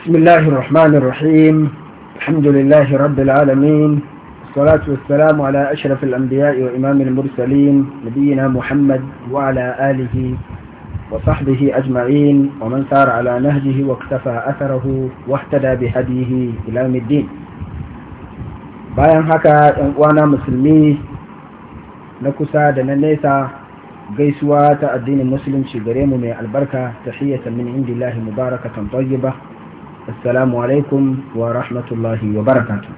بسم الله الرحمن الرحيم الحمد لله رب العالمين والصلاة والسلام على أشرف الأنبياء وإمام المرسلين نبينا محمد وعلى آله وصحبه أجمعين ومن سار على نهجه واكتفى أثره واهتدى بهديه إلى يوم الدين bayan haka ‘yan uwana musulmi na kusa da na nesa gaisuwa ta addinin musulunci gare mu mai albarka ta hiyata min mubarakatan tayyiba assalamu alaikum wa rahmatullahi wa barakatun.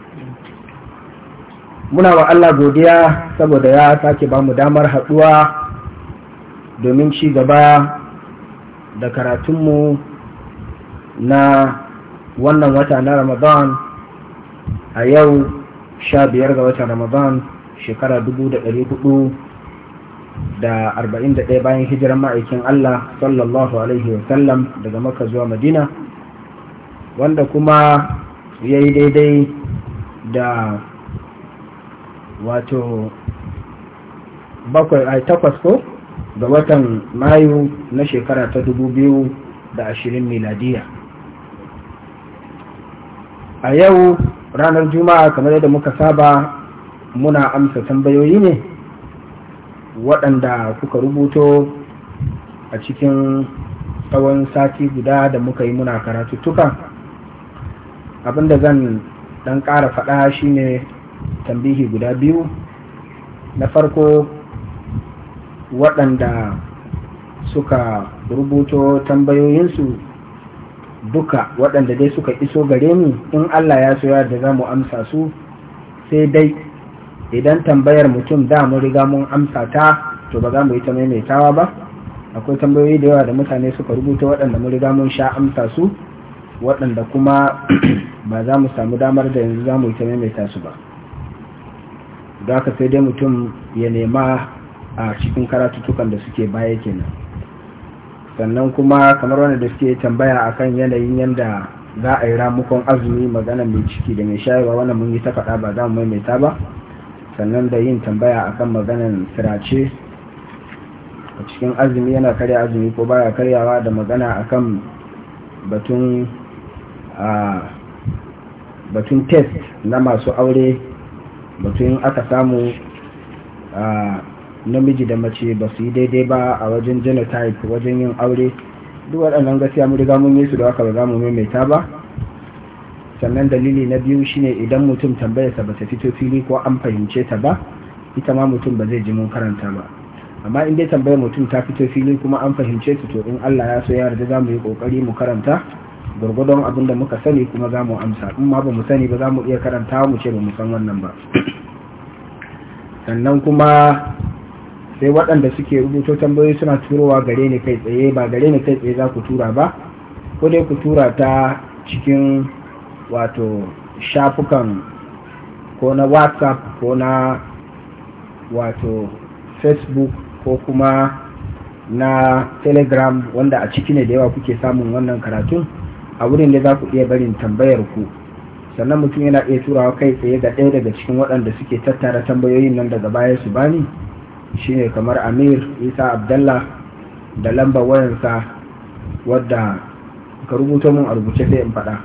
muna wa Allah godiya saboda ya sake ba mu damar haɗuwa domin ci gaba da karatunmu na wannan wata na ramadan a yau sha biyar ga watan ramadan shekara dubu da da da hudu arba'in ɗaya bayan hijirar ma'aikin Allah sallallahu alaihi wasallam daga maka zuwa madina wanda kuma ya yi daidai da wato bakwai a takwas ko ga watan mayu na shekara ta dubu biyu da ashirin miladiya a yau ranar juma'a kamar yadda muka saba muna amsa tambayoyi ne waɗanda kuka rubuto a cikin tsawon sati guda da muka yi muna karatuttuka abin da zan dan ƙara faɗa shine tambihi guda biyu na farko waɗanda suka rubuto tambayoyinsu duka waɗanda dai suka iso gare ni in Allah ya soya da za mu amsa su sai dai idan tambayar mutum da mu riga mun amsa ta to ba za mu yi ta maimaitawa ba akwai tambayoyi da yawa da mutane suka rubuta waɗanda mu riga mun sha amsa su waɗanda kuma ba za mu samu damar da yanzu za mu yi ta maimaita su ba da aka sai dai mutum ya nema a cikin karatutukan da suke baya kenan sannan kuma kamar wani da suke tambaya a kan yanayin yadda za a yi ramukon azumi magana mai ciki da mai shayarwa wannan mun yi ta faɗa ba za mu maimaita ba sannan da yin tambaya a akan maganan sirace a cikin azumi yana karya azumi ko baya karyawa da magana akan batun a batun test na masu aure batun aka samu a namiji da mace ba su yi daidai ba a wajen genotype wajen yin aure duk waɗannan gaskiya mu riga mun yi su da aka ba mu maimaita ba sannan dalili na biyu shine idan mutum tambayarsa ba ta fito fili ko an fahimce ta ba ita ma mutum ba zai ji mun karanta ba amma in dai tambayar mutum ta fito fili kuma an fahimce ta to in Allah ya so ya yarda zamu mu yi kokari mu karanta gwargwadon abin da muka sani kuma za mu amsa in ma ba mu sani ba za mu iya karanta mu ce ba mu san wannan ba sannan kuma sai waɗanda suke rubuto tambayoyi suna turowa gare ni kai tsaye ba gare ni kai tsaye za ku tura ba ko dai ku tura ta cikin wato shafukan ko na whatsapp ko na wato facebook ko kuma na telegram wanda a ciki ne da yawa kuke samun wannan karatun a wurin da za ku iya barin tambayar ku sannan mutum yana iya turawa kai tsaye ga ɗaya daga cikin waɗanda suke tattara tambayoyin nan daga baya su bani shine kamar amir isa abdallah da lambar wayansa wadda ka rubuta mun a rubuce sai in faɗa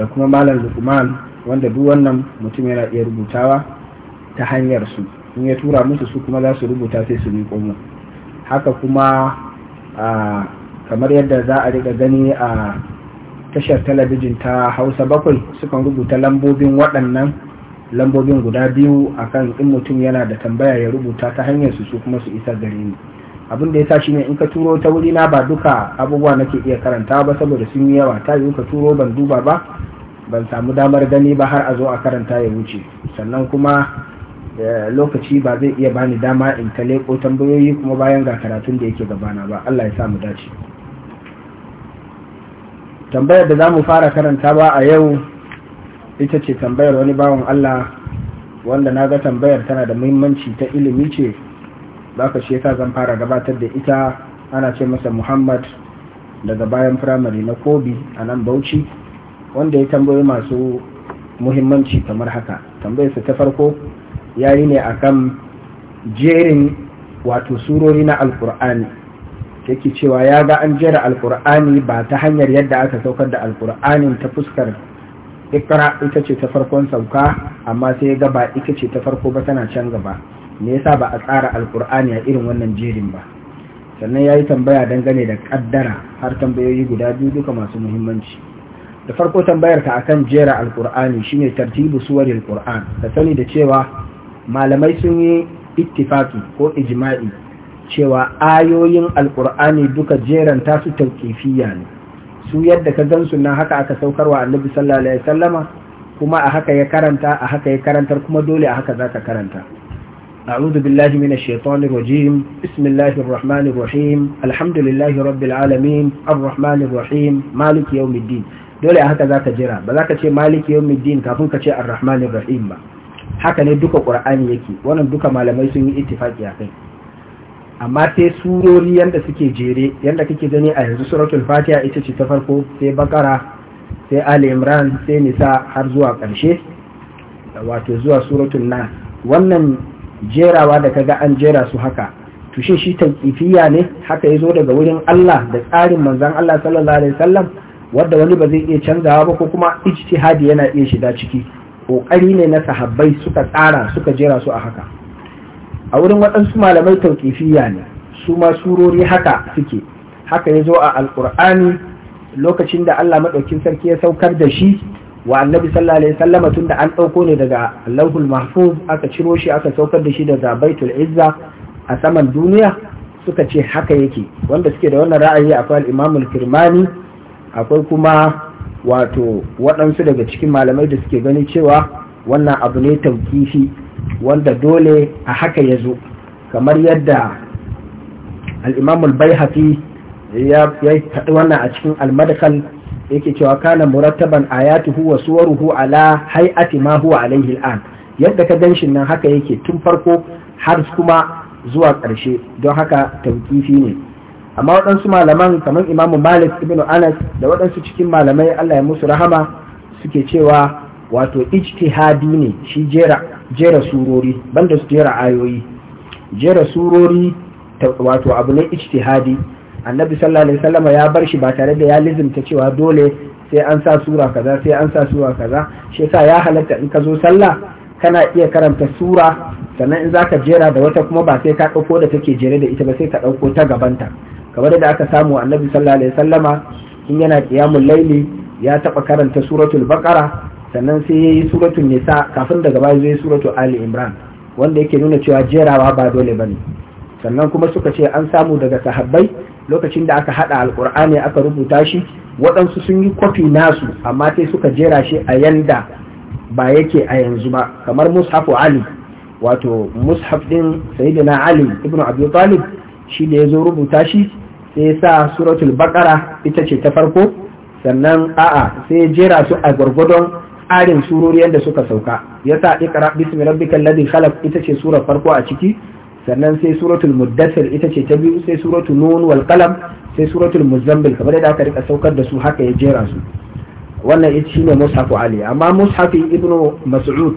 da kuma malam lukman wanda duk wannan mutum yana iya rubutawa ta hanyar su in ya tura musu su kuma za su rubuta sai su miƙo mu haka kuma ah, kamar yadda za a riƙa gani a tashar talabijin ta hausa bakwai sukan rubuta lambobin waɗannan lambobin guda biyu akan in mutum yana da tambaya ya rubuta ta hanyar su su kuma su isa gare ni abin da ya sa ne in ka turo ta wuri na ba duka abubuwa nake iya karanta ba saboda sun yi yawa ta yi ka turo ban duba ba ban samu damar gani ba har a zo a karanta ya wuce sannan kuma eh, lokaci ba zai iya bani dama in ta leƙo tambayoyi kuma bayan ga karatun da yake gabana ba Allah ya sa mu dace tambayar da za mu fara karanta ba a yau ita ce tambayar wani bawan Allah wanda na ga tambayar tana da muhimmanci ta ilimi ce ba ka shi zan fara gabatar da ita ana ce masa muhammad daga bayan firamare na kobi a nan bauchi wanda ya tambayi masu muhimmanci kamar haka tambayarsa ta farko yayi yi ne kan jerin wato surori na alkur'ani yake cewa ya ga an jera alkur'ani ba ta hanyar yadda aka saukar da alkur'anin ta fuskar ikra ita ce ta farkon sauka amma sai ga ba ita ce ta farko ba tana can gaba me yasa ba a tsara alkur'ani a irin wannan jerin ba sannan ya yi tambaya dangane da kaddara har tambayoyi guda biyu duka masu muhimmanci da farko tambayar ka akan jera alkur'ani shine tartibu suwar alkur'an ka sani da cewa malamai sun yi ittifaki ko ijma'i cewa ayoyin alkur'ani duka jeranta su taukifiya ne su yadda ka gansu na haka aka saukarwa annabi sallallahu alaihi wasallama kuma a haka ya karanta a haka ya karantar kuma dole a haka za ka karanta a'udhu billahi minash الشيطان الرجيم بسم الله الرحمن Alhamdulillahi rabbil alamin رب العالمين maliki yawmiddin dole a haka za ka jira ba za ka ce maliki yau kafin ka ce ar rahim ba haka ne duka ƙur'ani yake wannan duka malamai sun yi ittifaqi a kai amma sai surori yadda suke jere yadda kake gani a yanzu suratul fatiha ita ce ta farko sai bakara sai ali imran sai nisa har zuwa ƙarshe wato zuwa suratul nan. wannan jerawa da kaga an jera su haka tushe shi tanqifiya ne haka yazo daga wurin Allah da tsarin manzon Allah sallallahu alaihi wasallam wanda wani ba zai iya canzawa ba ko kuma ijtihadi yana iya shiga ciki kokari ne na sahabbai suka tsara suka jera su a haka a wurin waɗansu malamai tauƙifiya ne su ma surori haka suke haka ya zo a alƙur'ani lokacin da Allah maɗaukin sarki ya saukar da shi wa annabi sallallahu alaihi wasallam tunda an ɗauko ne daga lauhul mahfuz aka ciro shi aka saukar da shi daga baitul izza a saman duniya suka ce haka yake wanda suke da wannan ra'ayi akwai al-imamul kirmani akwai kuma wato waɗansu daga cikin malamai da suke gani cewa wannan abu ne tauƙifi wanda dole a haka ya zo kamar yadda al'imamul bai hafi ya faɗi wannan a cikin almadakal yake cewa kana murattaban tuhu wa suwaruhu ala hay'ati ma huwa alaihi al'an yadda ka ganshin nan haka yake tun farko har kuma zuwa ƙarshe don haka wukifi ne amma waɗansu malaman kamar imamu malik ibn anas da waɗansu cikin malamai allah ya musu rahama suke cewa wato ijtihadi ne shi jera jera surori banda su jera ayoyi jera surori wato abu ne ijtihadi annabi sallallahu alaihi wasallam ya bar shi ba tare da ya lizimta cewa dole sai an sa sura kaza sai an sa sura kaza shi yasa ya halatta in ka zo sallah kana iya karanta sura sannan in zaka jera da wata kuma ba sai ka dauko da take jere da ita ba sai ka dauko ta gabanta kamar da aka samu annabi sallallahu alaihi wasallama in yana qiyamul laili ya taba karanta suratul baqara sannan sai ya yi suratun nisa kafin daga baya zai suratu ali imran wanda yake nuna cewa jerawa ba dole ba ne sannan kuma suka ce an samu daga sahabbai lokacin da aka hada alkur'ani aka rubuta shi waɗansu sun yi kwafi nasu amma sai suka jera shi a yanda ba yake a yanzu ba kamar mushafu ali wato mushaf din sayyidina ali ibnu abi talib shi da ya zo rubuta shi sai ya sa suratul bakara ita ce ta farko sannan a'a sai ya jera su a gwargwadon tsarin surori yadda suka sauka ya sa ikra bismi rabbikal ladhi khalaq ita ce surar farko a ciki sannan sai suratul muddathir ita ce ta biyu sai suratul nun wal qalam sai suratul muzammil kamar yadda aka rika saukar da su haka ya jera su wannan ita shine mushafu ali amma mushafi ibnu mas'ud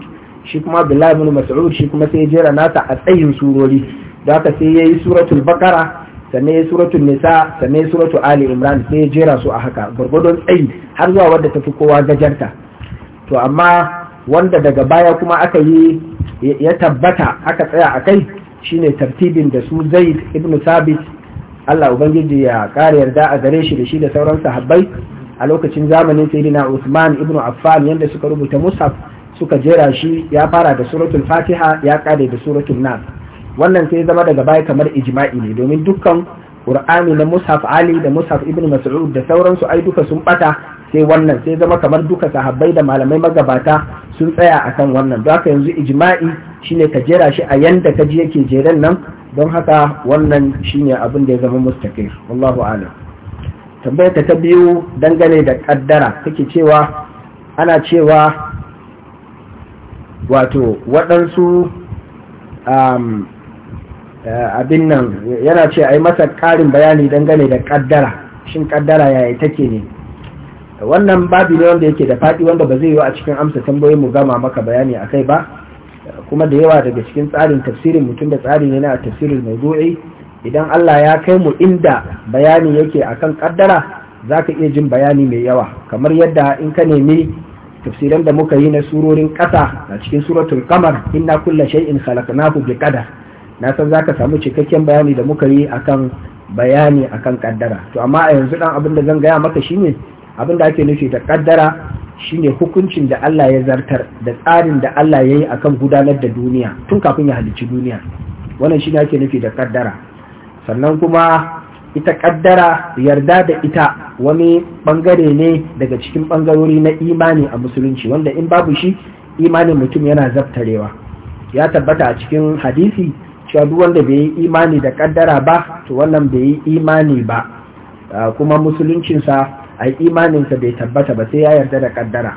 shi kuma abdullahi ibn mas'ud shi kuma sai ya jera nata a tsayin surori da haka sai yayi suratul bakara sannan ya suratul nisa sannan ya suratul ali imran sai ya jera su a haka gwargwadon tsayi har zuwa wadda ta fi kowa gajarta to amma wanda daga baya kuma aka yi ya tabbata aka tsaya a kai shine tartibin da su zaid ibn sabit Allah ubangiji ya kare yarda a gare shi da shi da sauran sahabbai a lokacin zamanin sayyidina Usman ibn Affan yanda suka rubuta mushaf suka jera shi ya fara da suratul Fatiha ya kare da suratul Nas wannan sai zama daga baya kamar ijma'i ne domin dukkan Qur'ani na Mushaf Ali da Mushaf Ibn Mas'ud da sauransu ai duka sun bata sai wannan sai zama kamar duka sahabbai da malamai magabata sun tsaya a kan wannan don haka yanzu ijma'i shine ka jera shi a yanda ka ji yake jeren nan don haka wannan shine abin da ya zama mustaqil wallahu a'lam tambayar ta biyu dangane da kaddara kake cewa ana cewa wato waɗansu um, eh, abin nan yana ce a yi masa ƙarin bayani dangane da kaddara shin kaddara yaya take ne wannan babi ne wanda yake da faɗi wanda ba zai yi a cikin amsa tambayoyin mu gama maka bayani a kai ba kuma da yawa daga cikin tsarin tafsirin mutum da tsari ne na tafsirin mawdu'i idan Allah ya kai mu inda bayani yake akan kaddara zaka iya jin bayani mai yawa kamar yadda in ka nemi tafsiran da muka yi na surorin ƙasa a cikin suratul kamar inna kulla shay'in khalaqnahu bi qadar na san zaka samu cikakken bayani da muka yi akan bayani akan kaddara to amma a yanzu dan abin da zan gaya maka shine abin da ake nufi da kaddara shine hukuncin da Allah ya zartar da tsarin da Allah ya yi a kan gudanar da duniya tun kafin ya halicci duniya wannan shine ake nufi da kaddara sannan kuma ita kaddara yarda da ita wani bangare ne daga cikin bangarori na imani a musulunci wanda in babu shi imanin mutum yana zabtarewa ya tabbata a cikin hadisi cewa duk wanda bai yi imani da kaddara ba to wannan bai yi imani ba kuma musuluncinsa ai imaninsa bai tabbata ba sai ya yarda da kaddara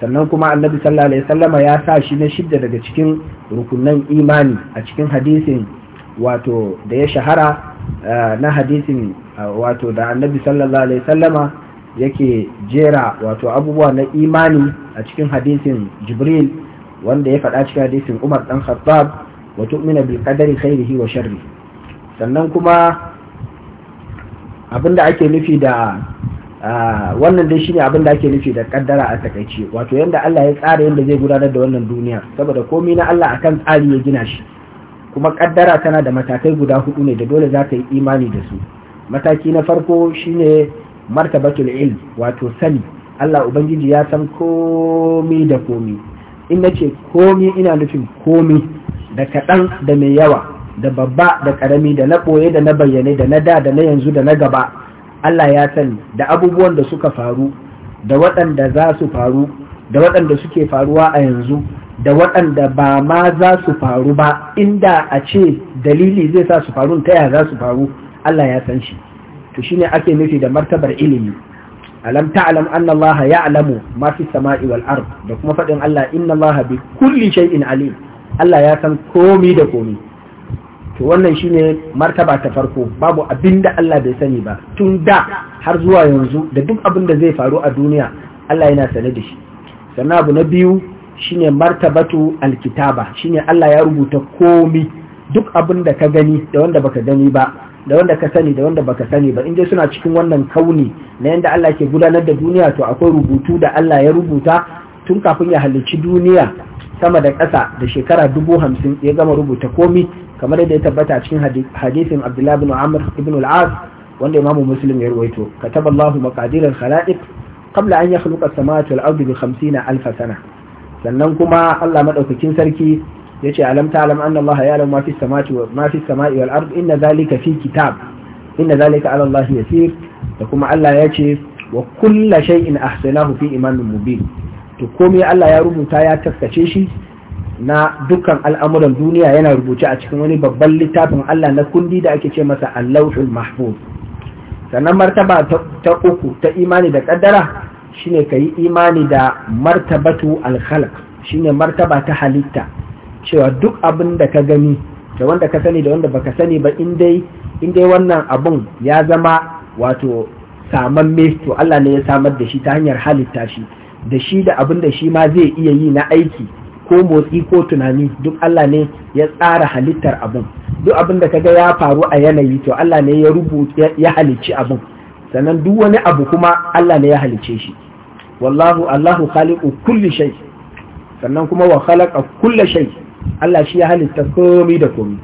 sannan kuma annabi sallallahu alaihi wasallama ya sa shi na shidda daga cikin rukunan imani a cikin hadisin wato da ya shahara na hadisin wato da annabi sallallahu alaihi wasallama yake jera wato abubuwa na imani a cikin hadisin jibril wanda ya faɗa cikin hadisin umar dan khattab wa tu'mina bil qadari khairihi wa sharri sannan kuma abinda ake nufi da Ah, wannan dai shine abin da ake nufi da kaddara a takaice wato yanda Allah ya tsara yanda zai gudanar da wannan duniya saboda komai na Allah akan tsari ya gina shi kuma kaddara tana da matakai guda hudu ne da dole za ka yi imani da su mataki na farko shine martabatul ilm wato sani Allah ubangiji ya san komai da komai in nace komai ina nufin komai da kaɗan da mai yawa da babba da karami da na ɓoye da na bayyane da na da da na yanzu da na gaba Allah ya sani da abubuwan da suka faru da waɗanda za su faru da waɗanda suke faruwa a yanzu da waɗanda ba ma za su faru ba inda a ce dalili zai sa su faru ta yaya za su faru Allah ya san shi to shine ake nufi da martabar ilimi alam ta'lam anna Allah ya'lamu ma fi samai wal ard da kuma faɗin Allah inna Allah bi kulli shay'in alim Allah ya san komi da komi to wannan shine martaba ta farko babu abin da Allah bai sani ba tun da har zuwa yanzu da duk abin da zai faru a duniya Allah yana sane da shi sannan abu na biyu shine martabatu alkitaba shine Allah ya rubuta komi duk abin da ka gani da wanda baka gani ba da wanda ka sani da wanda baka sani ba In je suna cikin wannan kauni na yanda Allah ke gudanar da duniya to akwai rubutu da Allah ya rubuta tun kafin ya halicci duniya sama da ƙasa da shekara dubu hamsin ya gama rubuta komi kamar yadda ya tabbata a cikin hadisin abdullahi bin amr ibn al-as wanda imamu muslim ya ruwaito kataballahu maqadir al-khalaiq qabla an yakhluqa as-samawati wal ardi bi 50 sana sannan kuma Allah madaukakin sarki yace alam ta'lam anna Allah ya'lamu ma fi as-samawati wa ma fi as-sama'i wal ardi inna dhalika fi kitab inna zalika 'ala Allah yasir da kuma Allah yace wa kullu shay'in ahsanahu fi imamin mubin to komai Allah ya rubuta ya taskace shi na dukkan al'amuran duniya yana rubuce a cikin wani babban littafin Allah na kundi da ake ce masa Allahul Mahfuz sannan martaba ta uku ta imani da kaddara shine yi imani da martabatu al-khalq shine martaba ta halitta cewa duk abin da ka gani da wanda ka sani da wanda baka sani ba in dai wannan abun ya zama wato samamme to Allah ne ya samar da shi ta hanyar halitta shi da shi da abin da shi ma zai iya yi na aiki ko motsi ko tunani duk Allah ne ya tsara halittar abin duk abin da kaga ya faru a yanayi to Allah ne ya rubuta ya halicci abin sannan duk wani abu kuma Allah ne ya halicce shi wallahu Allahu khaliqu kulli shay sannan kuma wa khalaqa kulli shay Allah shi ya halitta komai da komai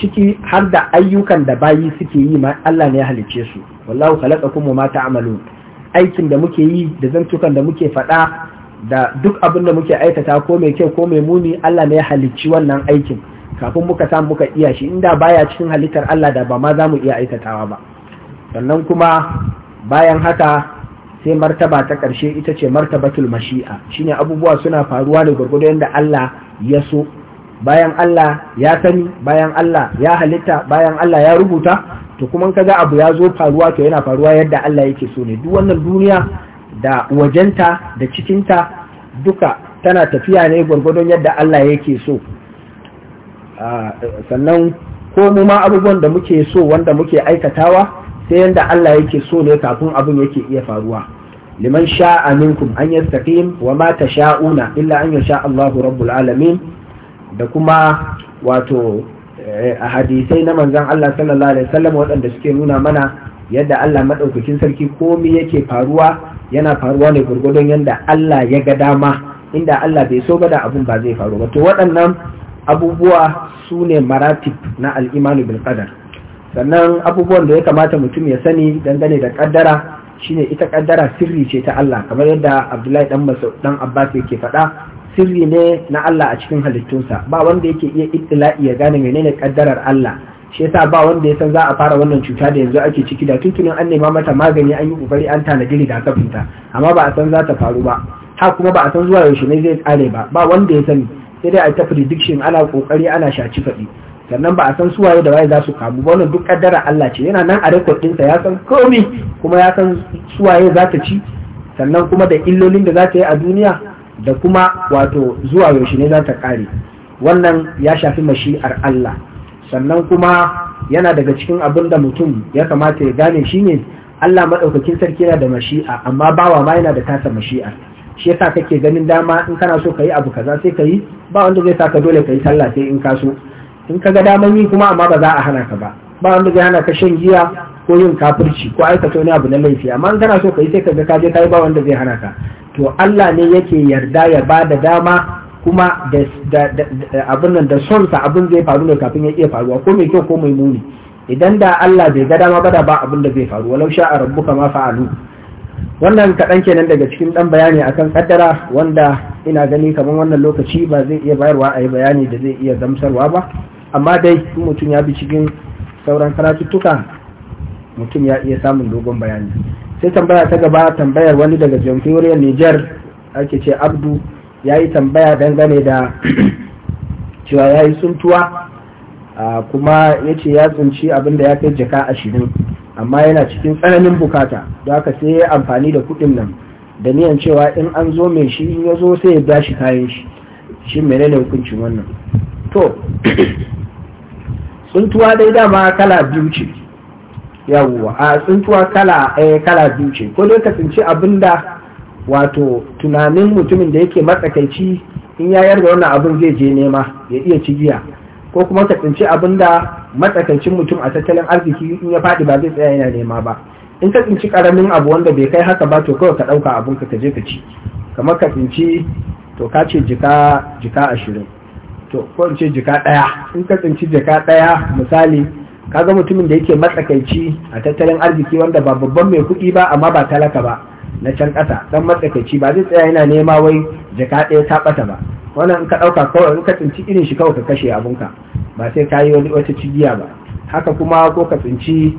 ciki har da ayyukan da bayi suke yi ma Allah ne ya halicce su wallahu khalaqakum wa ma ta'malun aikin da muke yi da zantukan da muke faɗa da duk abin da muke aikata ko mai kyau ko mai muni Allah ne ya halicci wannan aikin kafin muka samu muka iya shi inda baya cikin halittar Allah da ba ma za mu iya aikatawa ba sannan kuma bayan haka sai martaba ta ƙarshe ita ce martabatul mashi'a shine abubuwa suna faruwa ne gwargwado yadda Allah ya so bayan Allah ya sani bayan Allah ya halitta bayan Allah ya rubuta to kuma kaga abu ya zo faruwa to yana faruwa yadda Allah yake so ne duk wannan duniya da wajenta da cikinta duka tana tafiya ne gwargwadon yadda Allah yake so ah, sannan ko mu ma abubuwan da muke so wanda muke aikatawa sai yadda Allah yake so ne kafin abin yake iya faruwa liman sha'a minkum an yastaqim wa ma tasha'una illa an yasha Allahu rabbul alamin da kuma wato Eh, a hadisai na manzan Allah sallallahu alaihi wasallam waɗanda suke nuna mana yadda Allah maɗaukacin sarki komi yake faruwa yana faruwa ne gurgudun yadda Allah ya ga dama inda Allah bai so ba da abin ba zai faru ba to waɗannan abubuwa su ne maratib na al'imanu bil qadar sannan abubuwan da ya kamata mutum ya sani dangane da kaddara shine ita ƙaddara sirri ce ta Allah kamar yadda Abdullahi dan dan Abbas yake faɗa sirri ne na Allah a cikin halittunsa ba wanda yake iya ittila'i ya gane menene kaddarar Allah shi yasa ba wanda ya san za a fara wannan cuta da yanzu ake ciki da tuntunin an nema mata magani an yi kokari an tanadi rigakafin ta amma ba a san za ta faru ba ha kuma ba a san zuwa yaushe ne zai kare ba ba wanda ya sani sai dai a ta prediction ana kokari ana shaci faɗi sannan ba a san su waye da waye za su kamu ba wannan duk kaddarar Allah ce yana nan a record ɗinsa ya san komai kuma ya san su waye za ta ci sannan kuma da illolin da za ta yi a duniya da kuma wato zuwa yaushe ne za ta kare wannan ya shafi mashi'ar Allah sannan kuma yana daga cikin abin da mutum ya kamata ya gane shi ne Allah maɗaukakin sarki yana da mashi'a amma bawa ma yana da tasa mashi'a shi yasa kake ganin dama in kana so kayi abu kaza sai kayi? yi ba wanda zai saka dole ka yi sallah sai in ka so in ka ga daman yi kuma amma ba za a hana ka ba ba wanda zai hana ka shan giya ko yin kafirci ko aikata wani abu na laifi amma in kana so ka yi sai ka ga ka je ka yi ba wanda zai hana ka to Allah ne yake yarda ya ba da dama kuma da abin nan da sonsa abin zai faru ne kafin ya iya faruwa ko mai kyau ko mai muni idan da Allah bai ga dama ba da ba abin da zai faru walau sha a rabbuka ma fa'alu wannan kaɗan kenan daga cikin ɗan bayani akan kaddara wanda ina gani kamar wannan lokaci ba zai iya bayarwa a yi bayani da zai iya zamsarwa ba amma dai mutum ya bi cikin sauran karatuttuka mutum ya iya samun dogon bayani sai tambaya ta gaba tambayar wani daga jamhuriyar niger ake ce abdu ya yi tambaya dangane da cewa ya yi suntuwa kuma ya ce ya tsunci abin da ya kai jaka ashirin amma yana cikin tsananin bukata da aka sai ya amfani da kuɗin nan da niyan cewa in an zo mai shi ya zo sai ya bashi kayan shi shi menene hukuncin wannan to tsuntuwa dai dama kala biyu ce yawwa a tsintuwa kala ɗaya eh, kala biyu ce ko dai ka tsinci abin da wato tunanin mutumin da yake matsakaici in ya yarda wannan abin zai je nema ya iya ci cigiya ko kuma ka tsinci abin matsakaicin mutum a tattalin arziki in ya faɗi ba zai tsaya yana nema ba in ka tsinci karamin abu wanda bai kai haka ba to kawai ka ɗauka abin ka je ka ci kamar ka tsinci to ka ce jika jika ashirin to ko in ce jika ɗaya in ka tsinci jika ɗaya misali kaga mutumin da yake matsakaici a tattalin arziki wanda ba babban mai kuɗi ba amma ba talaka ba na can ƙasa dan matsakaici ba zai tsaya yana nema wai jaka ɗaya ta ɓata ba wannan in ka ɗauka kawai in ka tsinci irin shi kawai ka kashe abunka ba sai ka yi wani wata cigiya ba haka kuma ko ka tsinci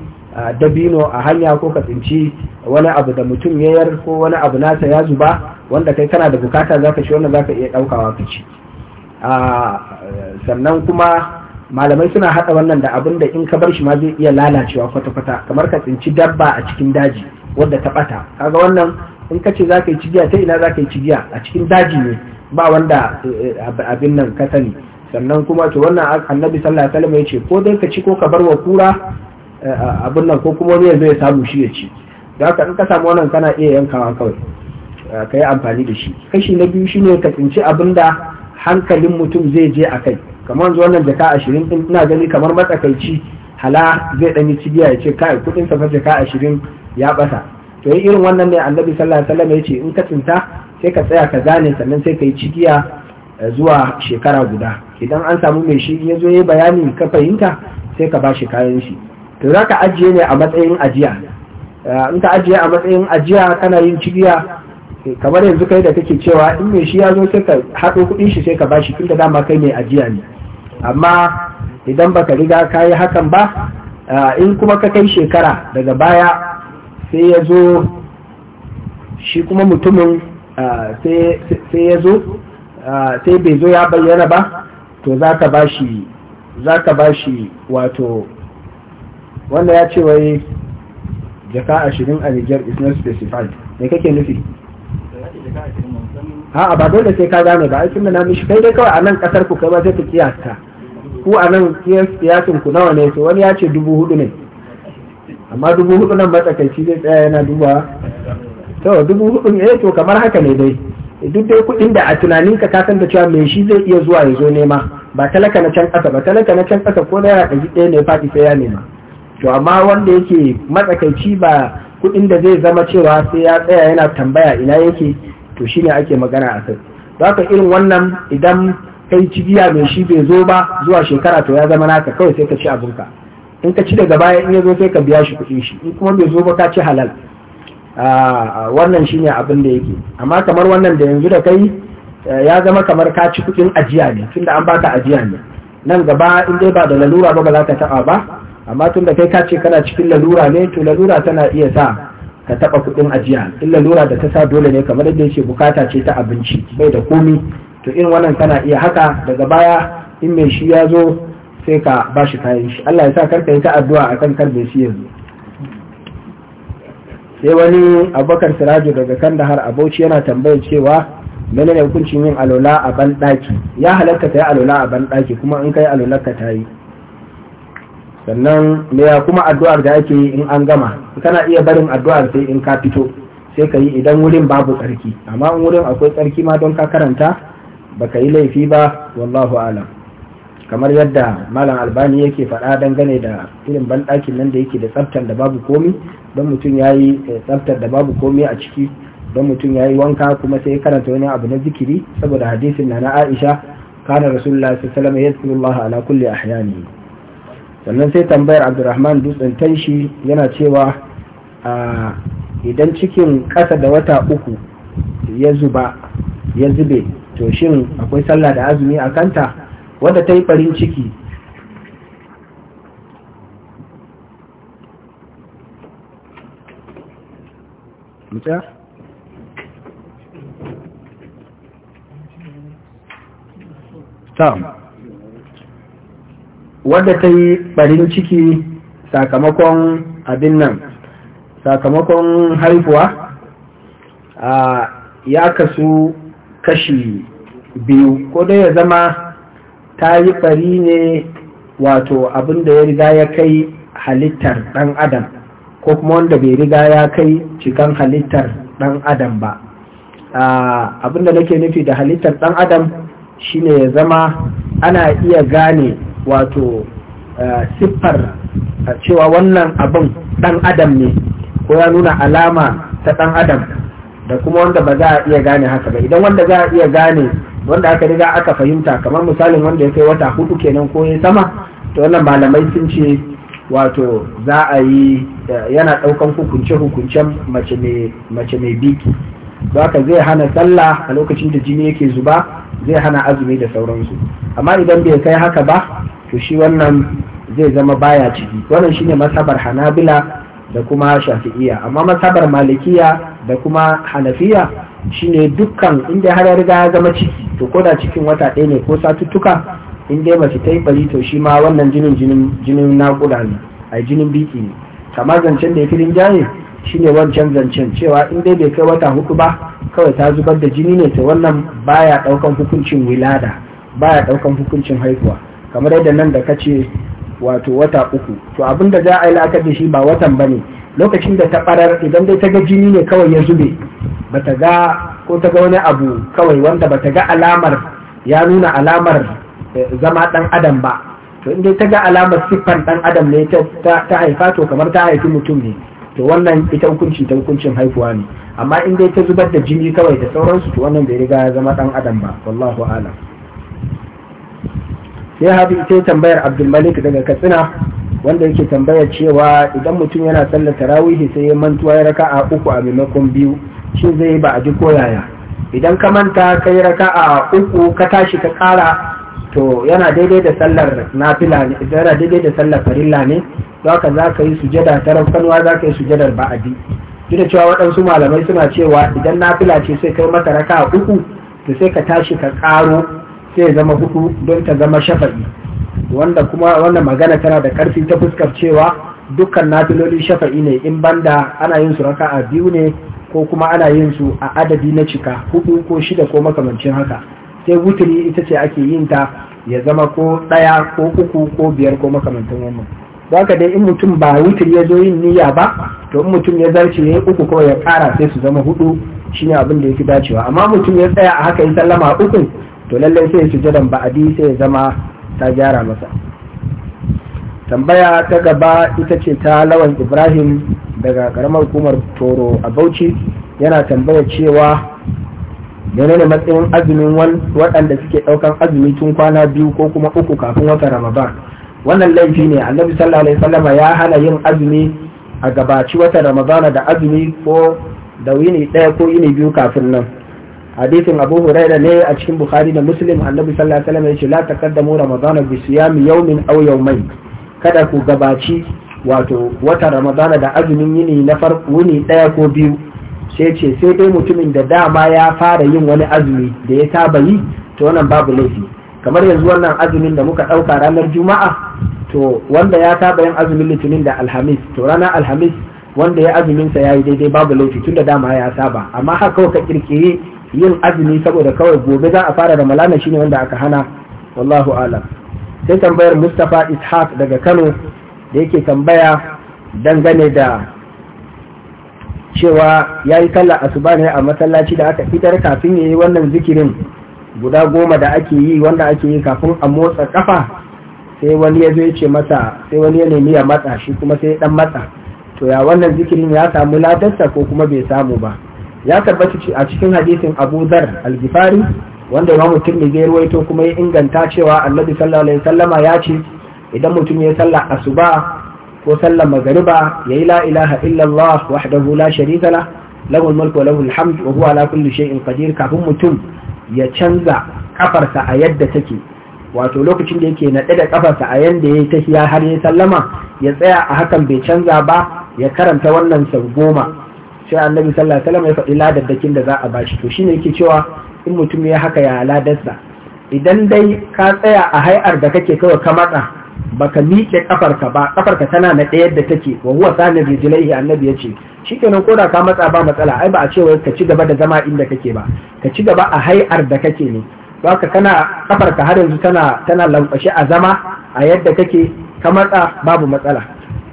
dabino a hanya ko ka tsinci wani abu da mutum yayar ko wani abu nasa ya zuba wanda kai kana da bukata za ka ci wannan za ka iya ɗaukawa ka ci sannan kuma malamai suna haɗa wannan da abin da in ka bar shi ma zai iya lalacewa kwata-kwata kamar ka tsinci dabba a cikin daji wadda ta ɓata kaga wannan in ka ce za ka yi cigiya ta ina za ka yi cigiya a cikin daji ne ba wanda eh, abin nan ka sani sannan kuma to wannan annabi sallallahu alaihi wasallam ya ce ko dai ka ci ko ka bar wa kura eh, abin nan ko kuma wani yanzu ya samu shi ya ci Za ka in ka samu wannan kana iya yankawa kawai eh, ka yi amfani da shi kashi na biyu shine ka tsinci abin da hankalin mutum zai je a kai kamar yanzu wannan jaka ashirin din ina gani kamar matsakaici hala zai ɗanyi cibiya ya ce kai kuɗin safar jaka ashirin ya ɓata to yi irin wannan ne annabi sallallahu alaihi wasallam ya ce in ka tsinta sai ka tsaya ka gane sannan sai ka yi cigiya eh, zuwa shekara guda idan an samu mai shi ya zo ya bayani ka fahimta sai ka ba shi kayan shi to za ka ajiye ne a matsayin ajiya eh, in ka ajiye a matsayin ajiya kana yin cigiya Eh, kamar yanzu kai da kake cewa in mai shi ya zo sai ka haɗo kuɗin shi sai ka bashi tun da dama kai mai ajiya ne amma idan ba ka riga ka yi hakan ba in kuma ka kai shekara daga baya sai ya zo shi kuma mutumin sai ya zo sai bai zo ya bayyana ba to za ka bashi za ka shi wato wanda ya ce wai jaka ashirin a niger is not specified me kake nufi a'a ba dole sai ka gane ba aikin da na mishi kai dai kawai a nan kasar ku kai ba sai ku kiyasta ku a nan kiyasin ku nawa ne to wani ya ce dubu hudu ne amma dubu hudu nan matsakaici zai tsaya yana duba to dubu hudu ne eh, to kamar haka ne dai duk dai kuɗin da a tunanin ka kasan da cewa mai shi zai iya zuwa ya zo nema ba talaka na can ƙasa ba talaka na can ƙasa ko naira ɗari ɗaya ne faɗi sai ya nema to amma wanda yake matsakaici ba kuɗin da zai zama cewa sai ya tsaya yana tambaya ina yake to shi ne ake magana a kai za ka irin wannan idan kai cibiya mai shi bai zo ba zuwa shekara to ya zama naka kawai sai ka ci abinka in ka ci daga baya in ya zo sai ka biya shi kuɗin shi in kuma bai zo ba ka ci halal ah, wannan shi ne abin da yake amma kamar wannan da yanzu da kai eh, ya zama kamar ka ci kuɗin ajiya ne tun da an baka ajiya ne nan gaba in dai ba da lalura ba ba za ka taɓa ba amma tun da kai ka ce kana cikin lalura ne to lalura tana iya sa ka taɓa kuɗin ajiya illa lura da ta sa dole ne kamar yadda yake bukata ce ta abinci bai da komi to in wannan kana iya haka daga baya in mai shi ya zo sai ka ba shi kayan shi Allah ya sa karka yi ta addu'a akan kar bai shi yanzu sai wani abubakar siraju daga kandahar abauci yana tambayar cewa menene hukuncin yin alola a banɗaki ya halatta ta yi alola a banɗaki kuma in ka yi alolar ka ta yi sannan ya kuma addu'ar da ake yi in an gama kana iya barin addu'ar sai in ka fito sai ka yi idan wurin babu tsarki amma in wurin akwai tsarki ma don ka karanta ba ka yi laifi ba wallahu alam kamar yadda malam albani yake faɗa dangane da irin banɗakin nan da yake da tsaftar da babu komi don mutum ya yi eh, tsaftar da babu komi a ciki don mutum ya yi wanka kuma sai karanta wani abu na zikiri saboda hadisin na na aisha kana rasulullah sallallahu alaihi wasallam yadhkurullah ala kulli ahyanihi sannan sai tambayar abdurrahman dutsen tanshi yana cewa idan cikin ƙasa da wata uku ya zuba ya zube to shin akwai sallah da azumi a kanta wadda ta yi farin ciki Tom. Um. wadda ta yi barin ciki sakamakon abin nan sakamakon haifuwa ya kasu kashi biyu ko dai ya zama ta yi bari ne wato abin da ya riga ya kai halittar ɗan adam ko kuma wanda bai riga ya kai cikan halittar ɗan adam ba abin da nake nufi da halittar ɗan adam shine ya zama ana iya gane wato eh, siffar cewa wannan abin ɗan adam ne ko ya nuna alama ta ɗan adam da kuma wanda ba za a iya gane haka ba idan wanda za a iya gane wanda aka riga aka fahimta kamar misalin wanda ya kai wata hudu kenan ko ya sama to wannan malamai sun ce wato za a yi eh, yana ɗaukan hukunce-hukuncen mace mai biki haka zai hana sallah a lokacin da jini yake zuba zai hana azumi da sauransu amma idan bai kai haka ba to shi wannan zai zama baya ciki wannan shine masabar hanabila da kuma shafi'iya amma masabar malikiya da kuma hanafiya shine dukkan inda har ya riga ya zama ciki to ko da cikin wata ɗaya ne ko satuttuka in dai mace ta yi bari to shi ma wannan jinin jinin jinin naƙuda ne a jinin biki ne kamar zancen da ya fi rinjaye Shi ne wancan zancen cewa in dai bai kai wata huku ba kawai ta zubar da jini ne ta wannan baya daukan hukuncin wilada baya daukan hukuncin haihuwa kamar yadda nan da ka ce wato wata uku to abin da za a yi la'akari da shi ba watan ba ne. lokacin da ta barar idan dai ta ga jini ne kawai ya zube ta ga ko ta ga wani abu kawai wanda ba ta ga alamar ya nuna alamar eh, zama dan adam ba to in dai ta ga alamar siffan dan adam ne ta haifa to kamar ta haifi mutum ne to wannan ita hukuncin ta hukuncin haifuwa ne amma in dai ta zubar da jini kawai da sauransu to wannan bai riga ya zama dan adam ba wallahu alam sai hadu ita tambayar abdulmalik daga katsina wanda yake tambayar cewa idan mutum yana sallar tarawihi sai ya mantuwa ya raka'a uku a maimakon biyu shi zai ba a ji ko yaya idan ka manta kai raka'a uku ka tashi ka kara to yana daidai da sallar nafila ne yana daidai da sallar farilla ne za ka za ka yi sujada ta rafkanwa za ka yi sujadar ba'adi duk cewa waɗansu malamai suna cewa idan nafila ce sai kai mata raka uku to sai ka tashi ka karo sai zama hudu don ta zama shafa'i wanda kuma wannan magana tana da ƙarfi ta fuskar cewa dukkan nafiloli shafa'i ne in banda ana yin su raka'a biyu ne ko kuma ana yin su a adadi na cika hudu ko shida ko makamancin haka sai wuturi ita ce ake yin ta ya zama ko ɗaya ko uku ko biyar ko makamantan wannan haka dai in mutum ba wuturi ya zo yin niyya ba to in mutum ya zarce ya yi uku ko ya ƙara sai su zama hudu ne abin da ya fi dacewa amma mutum ya tsaya a haka ya sallama uku to lallai sai sujadan ba'adi sai ya zama ta gyara masa tambaya ta gaba ita ce ta lawan ibrahim daga karamar hukumar toro a bauchi yana tambaya cewa menene matsayin azumin waɗanda suke ɗaukan azumi tun kwana biyu ko kuma uku kafin wata ramadan wannan laifi ne annabi sallallahu alaihi wasallama ya hana yin azumi a gabaci wata ramadana da azumi ko da yini ɗaya ko yini biyu kafin nan hadisin abu huraira ne a cikin bukhari da muslim annabi sallallahu alaihi wasallam ya ce la taqaddamu ramadana bi siyami yawmin aw yawmayn kada ku gabaci wato wata ramadana da azumin yini na farko yini ɗaya ko biyu sai ce sai dai mutumin da dama ya fara yin wani azumi da ya saba yi to wannan babu laifi kamar yanzu wannan azumin da muka ɗauka ranar juma'a to wanda ya saba yin azumin litinin da alhamis to ranar alhamis wanda ya azumin sa yayi daidai babu laifi tun da dama ya saba amma haka kawai ka kirkire yin azumi saboda kawai gobe za a fara ramalana shine wanda aka hana wallahu alam sai tambayar Mustapha Ishaq daga Kano da yake tambaya dangane da cewa ya yi sallar asuba ne a masallaci da aka fitar kafin ya yi wannan zikirin guda goma da ake yi wanda ake yi kafin a motsa kafa sai wani ya zo ce masa sai wani ya nemi ya matsa shi kuma sai dan matsa to ya wannan zikirin ya samu ladarsa ko kuma bai samu ba ya tabbata a cikin hadisin Abu zar al-Ghifari wanda Imam Tirmidhi ya ruwaito kuma ya inganta cewa Annabi sallallahu alaihi wasallama ya ce idan mutum ya sallar asuba ko sallar magariba ya yi ilaha illallah wahdahu la sharika lah lahu mulku wa lahu alhamd wa huwa ala kulli shay'in qadir kafin mutum ya canza kafarsa a yadda take wato lokacin da yake naɗe da kafarsa a yadda yanda yayi tahiya har yayi sallama ya tsaya a hakan bai canza ba ya karanta wannan sau goma sai annabi sallallahu ya faɗi ladaddakin da za a bashi to shine yake cewa in mutum ya haka ya ladarsa idan dai ka tsaya a hai'ar da kake kawai ka matsa baka miƙe ƙafarka ba ƙafarka tana na ɗaya da take wa huwa sanin rijilaihi annabi ya ce kenan ko da ka matsa ba matsala ai ba a cewa ka ci gaba da zama inda kake ba ka ci gaba a hai'ar da kake ne Ba ka kana ƙafarka har yanzu tana tana lankwashe a zama a yadda kake ka matsa babu matsala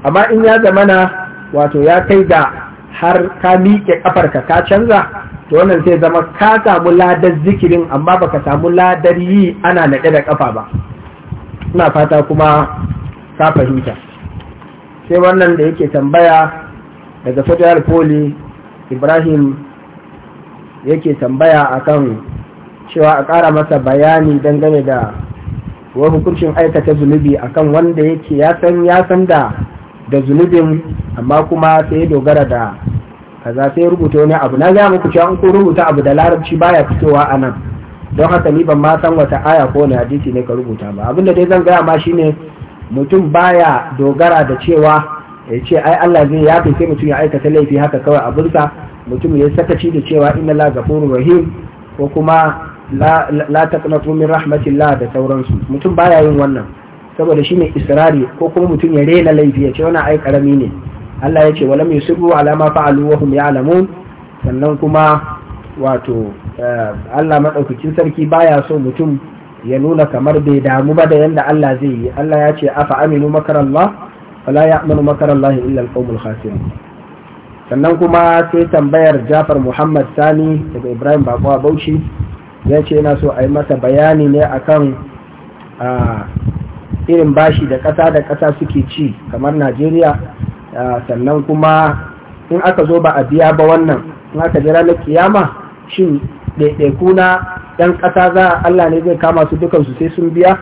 amma in ya zamana wato ya kai ga har ka miƙe ƙafarka ka canza to wannan sai zama ka samu ladar zikirin amma baka samu ladar yi ana naɗe da ƙafa ba suna fata kuma ka fahimta sai wannan da yake tambaya daga federal poli ibrahim yake tambaya akan cewa a kara masa bayani dangane da wa hukuncin aikata zunubi akan wanda yake ya san ya san da da zunubin amma kuma sai dogara da kaza sai rubuta wani abu na zama muku an ko rubuta abu da larabci baya fitowa a nan don haka ni ban ma san wata aya ko wani hadisi ne ka rubuta ba abinda dai zan gaya ma shine mutum baya dogara da cewa ya ce ai Allah zai yafe sai mutum ya aikata laifi haka kawai a burka mutum ya sakaci da cewa inna la ghafurur rahim ko kuma la la taqnatu min rahmatillah da sauransu mutum baya yin wannan saboda shine israri ko kuma mutum ya rena laifi ya ce wannan ai karami ne Allah ya ce walam yusibu ala ma fa'alu wa hum ya'lamun sannan kuma wato Eh, Allah maɗaukacin sarki baya so mutum ya nuna kamar bai damu ba da yadda Allah zai yi Allah ya ce afa aminu makarallah fala ya aminu amanu makarallah illa alqawmul khasirun sannan kuma sai tambayar Jafar Muhammad Sani daga Ibrahim Bakuwa Bauchi ya ce yana so a yi masa bayani ne akan irin bashi da ƙasa da ƙasa suke ci kamar Najeriya sannan kuma in aka zo ba a biya ba wannan in aka jira na kiyama shin ɗaiɗaiku na ‘yan ƙasa za a Allah ne zai kama su dukansu sai sun biya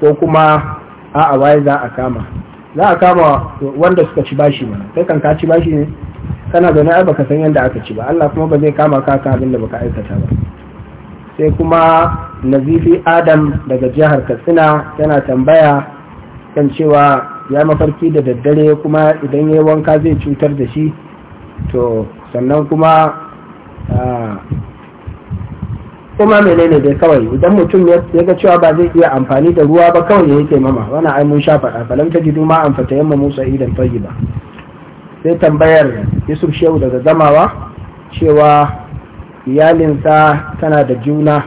ko kuma a waye za a kama za a kama wanda suka ci bashi ba kai kan ka ci bashi ne kana zaune ai baka san yadda aka ci ba Allah kuma ba zai kama ka ka abin da baka aikata ba sai kuma nazifi adam daga jihar katsina yana tambaya kan cewa ya mafarki da daddare kuma idan ya yi wanka zai cutar da shi to sannan kuma ah, kuma menene dai kawai idan mutum ya ga cewa ba zai iya amfani da ruwa ba kawai yake mama wani ai mun sha faɗa ta jidu ma an fata yamma musa idan fagi ba sai tambayar yusuf shehu daga zamawa cewa iyalinsa tana da juna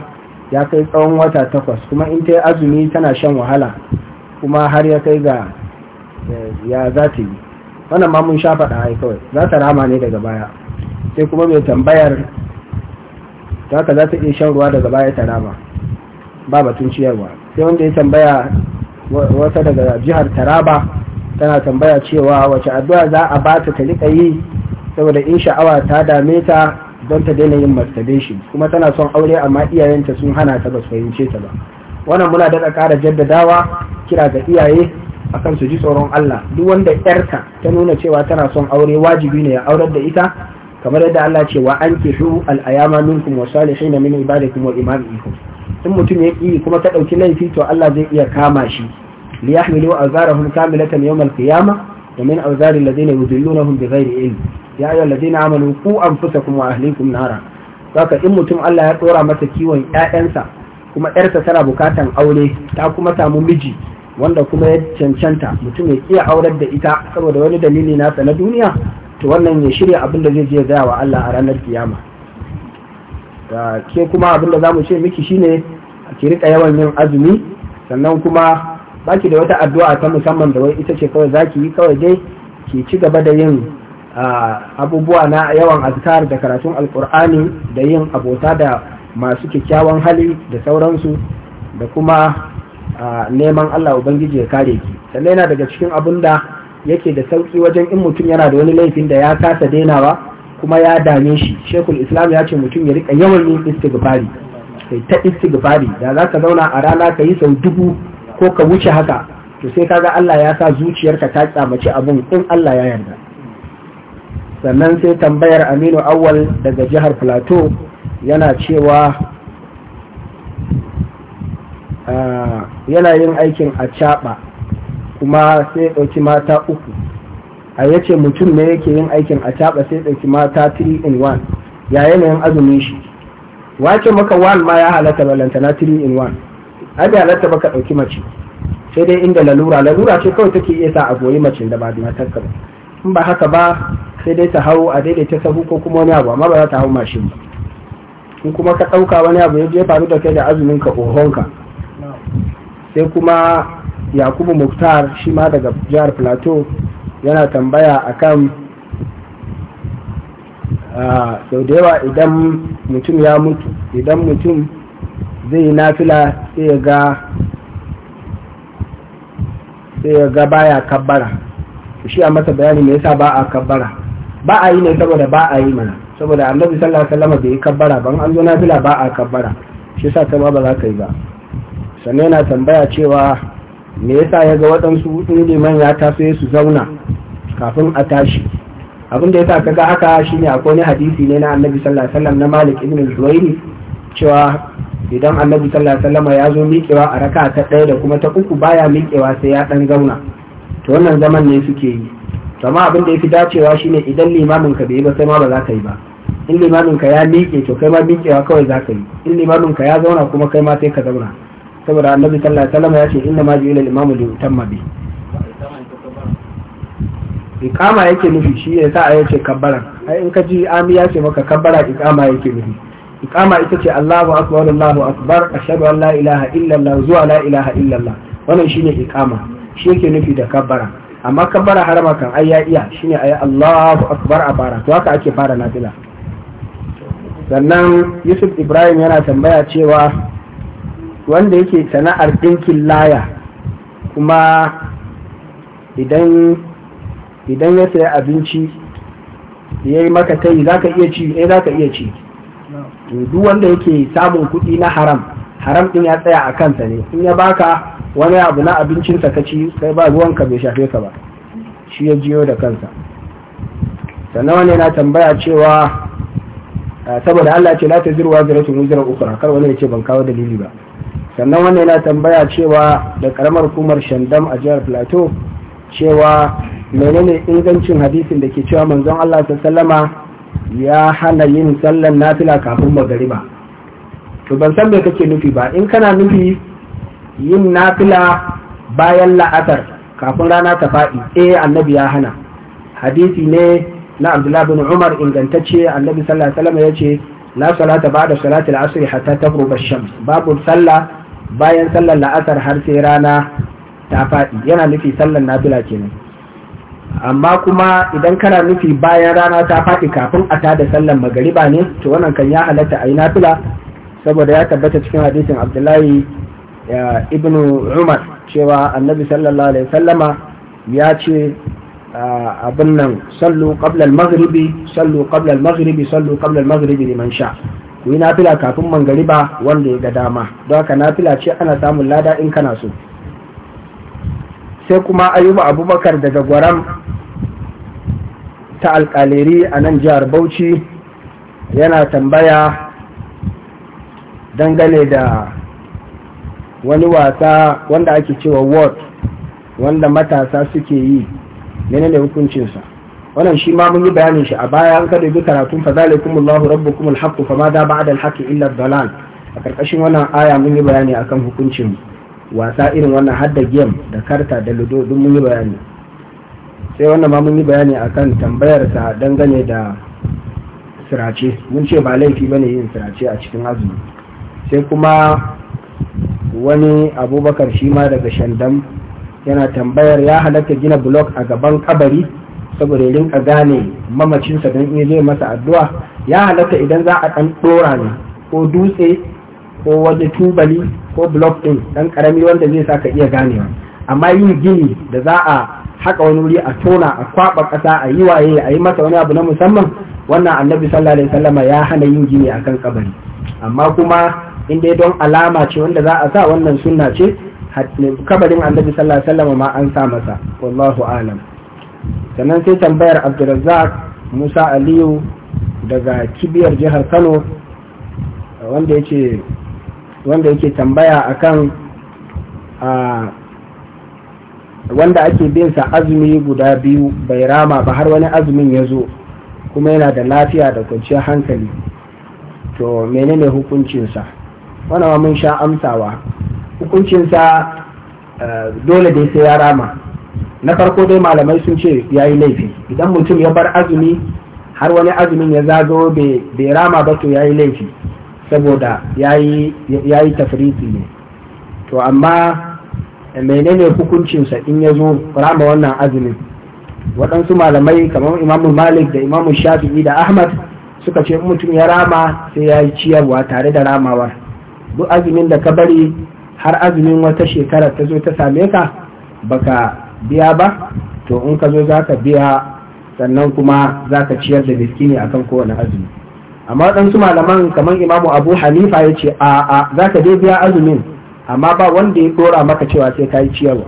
ya kai tsawon wata takwas kuma in ta yi azumi tana shan wahala kuma har ya kai ga eh, ya za ta yi wannan ma mun sha faɗa ai kawai za ta rama ne daga baya sai kuma mai tambayar ta haka za ta iya shan ruwa daga baya ta ba batun ciyarwa sai wanda ya tambaya wata daga jihar taraba tana tambaya cewa wace addu'a za a ba ta rika yi saboda in sha'awa ta dame ta don ta daina yin masturbation kuma tana son aure amma iyayenta sun hana ta ba su fahimce ta ba wannan muna daɗa ƙara jaddadawa kira ga iyaye akan su ji tsoron Allah duk wanda yarta ta nuna cewa tana son aure wajibi ne ya aurar da ita kamar yadda Allah ce wa an kishu al'ayama minkum wa salihina min ibadikum wa imamikum in mutum ya ƙi kuma ta ɗauki laifi to Allah zai iya kama shi li yahmilu azarahum kamilatan yawm al-qiyamah wa min awzari alladhina yudillunahum bighairi ilm ya ayyuhal ladina amanu qu anfusakum wa ahlikum nara haka in mutum Allah ya ɗora masa kiwon ƴaƴansa kuma ƴarsa tana bukatan aure ta kuma samu miji wanda kuma ya cancanta mutum ya kiya aurar da ita saboda wani dalili nasa na duniya to wannan ya shirya abin da zai je gaya wa Allah a ranar kiyama da ke kuma abin da za zamu ce miki shine ki rika yawan yin azumi sannan kuma baki da wata addu'a ta musamman da wai ita ce kawai zaki yi kawai dai ki ci gaba da yin abubuwa na yawan azkar da karatun alkur'ani da yin abota da masu kyakkyawan hali da sauransu da kuma neman Allah Ubangiji ya kare ki sannan yana daga cikin abin da yake da sauki wajen in mutum yana da wani laifin da ya kasa dainawa kuma ya dame shi shekul islam ya ce mutum ya rika yawan yin istighfari kai ta istighfari da za ka zauna a rana ka yi sau dubu ko ka wuce haka to sai kaga Allah ya sa zuciyarka ta tsamaci abun in Allah ya yarda sannan sai tambayar Aminu Awwal daga jihar Plateau yana cewa ah, yana yin aikin a kuma sai ɗauki mata uku a ya ce mutum ne yake yin aikin a caɓa sai ɗauki mata 3 in 1 ya yanayin azumin shi wace maka 1 ma ya halatta balantana 3 in 1 ai bai halatta baka ɗauki mace sai dai inda lalura lalura ce kawai take iya sa a goyi mace da ba takka ba in ba haka ba sai dai ta hau a daidaita sahu ko kuma wani abu amma ba za ta hau mashin ba in kuma ka ɗauka wani abu ya faru da kai da azumin ka ohonka sai kuma yakubu muktar shi ma daga jihar plateau yana tambaya akan ah, sau da yawa idan mutum ya mutu idan mutum zai nafila sai ya ga sai ya ga baya kabbara shi a masa bayani me yasa ba a kabbara ba a yi ne saboda ba a yi mana saboda annabi sallallahu alaihi wasallam bai yi kabbara ban an zo na fila ba a kabbara shi ta kai ba za ka yi ba sannan yana tambaya cewa me yasa ya ga waɗansu in liman ya taso su zauna kafin a tashi abin da yasa kaga haka shine akwai wani hadisi ne na annabi sallallahu alaihi wasallam na malik ibn al cewa idan annabi sallallahu alaihi wasallam ya zo miƙewa a raka ta ɗaya da kuma ta uku baya miƙewa sai ya ɗan zauna to wannan zaman ne suke yi to amma abin da yafi dacewa shine idan limamin ka bai ba sai ma ba za ka yi ba in limamin ka ya miƙe to kai ma miƙewa kawai za ka yi in limamin ka ya zauna kuma kai ma sai ka zauna saboda annabi sallallahu alaihi wasallam ya ce inna ma ji'ila al imam li yutamma bi iqama yake nufi shi ya sa ya ce kabbara ai in ka ji ami ya ce maka kabbara iqama yake nufi iqama ita ce Allahu akbar Allahu akbar ashhadu an la ilaha illa Allah zuwa la ilaha illa Allah wannan shine iqama shi yake nufi da kabbara amma kabbara harama kan ai ya iya shine ayi Allahu akbar a fara to haka ake fara nafila sannan Yusuf Ibrahim yana tambaya cewa wanda yake sana'ar ɗinkin laya kuma idan ya sayi abinci ya yi maka yi, za ka iya ci eh za ka iya ci duk wanda yake samun kuɗi na haram haram ɗin ya tsaya a kansa ne in ya baka wani abu na abincinsa ka ci sai ba ruwanka bai shafe ka ba shi ya jiyo da kansa sannan wani yana tambaya cewa ah, saboda Allah ce la taziru wa ziratun uku ukura kar wani ya ce ban kawo dalili ba sannan wannan yana tambaya cewa da karamar kumar shandam a jihar plateau cewa menene ingancin hadisin da ke cewa manzon Allah Ta sallama ya hana yin sallan nafila kafin magariba to ban san me kake nufi ba in kana nufi yin nafila bayan la'asar kafin rana ta faɗi eh annabi ya hana hadisi ne na abdullahi bin umar ingantacce annabi sallallahu alaihi wasallam yace "Na salata ba'da salati al-asr hatta taghrub ash-shams babu sallah bayan sallar la'asar har sai rana ta faɗi yana nufi sallar nafila kenan amma kuma idan kana nufi bayan rana ta faɗi kafin a ta da sallar magariba ne to wannan kan ya halatta a yi nafila saboda ya tabbata cikin hadisin abdullahi ibnu umar cewa annabi sallallahu alaihi sallama ya ce abin nan sallu qabla al-maghribi sallu qabla al sallu qabla al-maghribi liman sha' ku na nafila kafin mangariba wanda ya ga dama don haka fila ce ana samun lada in kana so sai kuma ayyuba abubakar daga gwaram ta alkaleri a nan jihar bauchi yana tambaya dangane da wani wasa wanda ake cewa ward wanda matasa suke yi menene hukuncinsa wannan shi ma mun yi bayanin shi a baya an kada bi karatun fa zalikumullahu rabbukumul haqq fa ma da ba'da al haqq illa ad-dalal a karkashin wannan aya mun yi bayani akan hukuncin wasa irin wannan hadda game da karta da ludo duk mun yi bayani sai wannan ma mun yi bayani akan tambayar sa dangane da sirace mun ce ba laifi bane yin sirace a cikin azumi sai kuma wani abubakar shi ma daga shandam yana tambayar ya halatta gina blok a gaban kabari saboda rinka gane mamacinsa don iya zai masa addu'a ya halatta idan za a ɗan ɗora ne ko dutse ko wani tubali ko blok ɗin ɗan ƙarami wanda zai sa ka iya ganewa amma yin gini da za a haka wani wuri a tona a kwaɓa ƙasa a yi waye a yi masa wani abu na musamman wannan annabi sallallahu alaihi wasallama ya hana yin gini akan kabari amma kuma in dai don alama ce wanda za a sa wannan sunna ce kabarin annabi sallallahu alaihi wasallam ma an sa masa wallahu alam sannan sai tambayar abdurrazzaq musa aliyu daga kibiyar jihar kano wanda yake wanda yake tambaya akan a wanda ake bin sa azumi guda biyu bai rama ba har wani azumin ya zo kuma yana da lafiya da kwanciyar hankali to menene hukuncinsa wannan mun sha amsawa hukuncinsa eh, dole dai sai ya rama na farko dai malamai sun ce ya yi laifi idan mutum ya bar azumi har wani azumin ya zago bai rama ba to ya yi laifi saboda ya yi tafriti ne to amma menene hukuncinsa in ya zo rama wannan azumin waɗansu malamai kamar imamu malik da imamu shafi'i da ahmad suka ce mutum ya rama sai ya yi ciyarwa tare da ramawar duk azumin da ka bari har azumin wata shekara ta zo ta same ka baka biya ba to in ka zo za ka biya sannan kuma za ka ciyar da miskini akan kowane azumi amma waɗansu malaman kamar imamu abu hanifa ya ce a a za ka dai biya azumin amma ba wanda ya dora maka cewa sai ka yi ciyarwa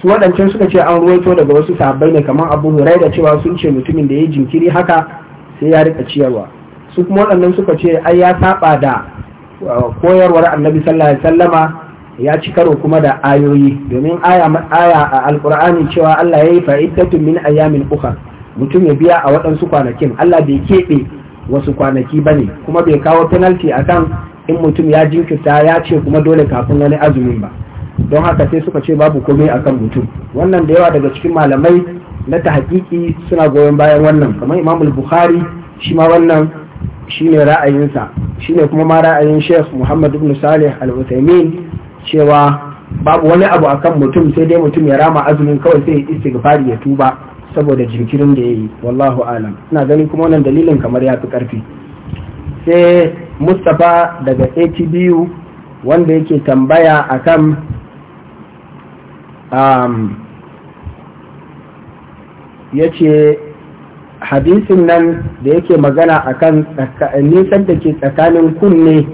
su waɗancan suka ce an ruwaito daga wasu sabai ne kamar abu da cewa sun ce mutumin da ya jinkiri haka sai ya rika ciyarwa su kuma waɗannan suka ce ai ya saba da uh, koyarwar annabi sallallahu alaihi wasallama ya ci karo kuma da ayoyi domin aya aya a alkur'ani cewa Allah ya yi fa'iddatun min ayyamin ukha mutum ya biya a waɗansu kwanakin Allah bai keɓe wasu kwanaki ba ne kuma bai kawo penalty akan in mutum ya jinkirta ya ce kuma dole kafin wani azumin ba don haka sai suka ce babu komai akan mutum wannan da yawa daga cikin malamai na ta suna goyon bayan wannan kamar imam bukhari shi ma wannan shine ra'ayinsa shine kuma ma ra'ayin sheikh muhammad ibn salih al uthaymeen cewa babu wani abu akan mutum sai dai mutum ya rama azumin kawai sai istighfari ya tuba saboda jinkirin da ya yi wallahu alam ina ganin kuma wannan dalilin kamar ya fi karfi sai mustapha daga atbu wanda yake tambaya akan um, ya ce hadisin nan da yake magana akan nisan da ke tsakanin kunne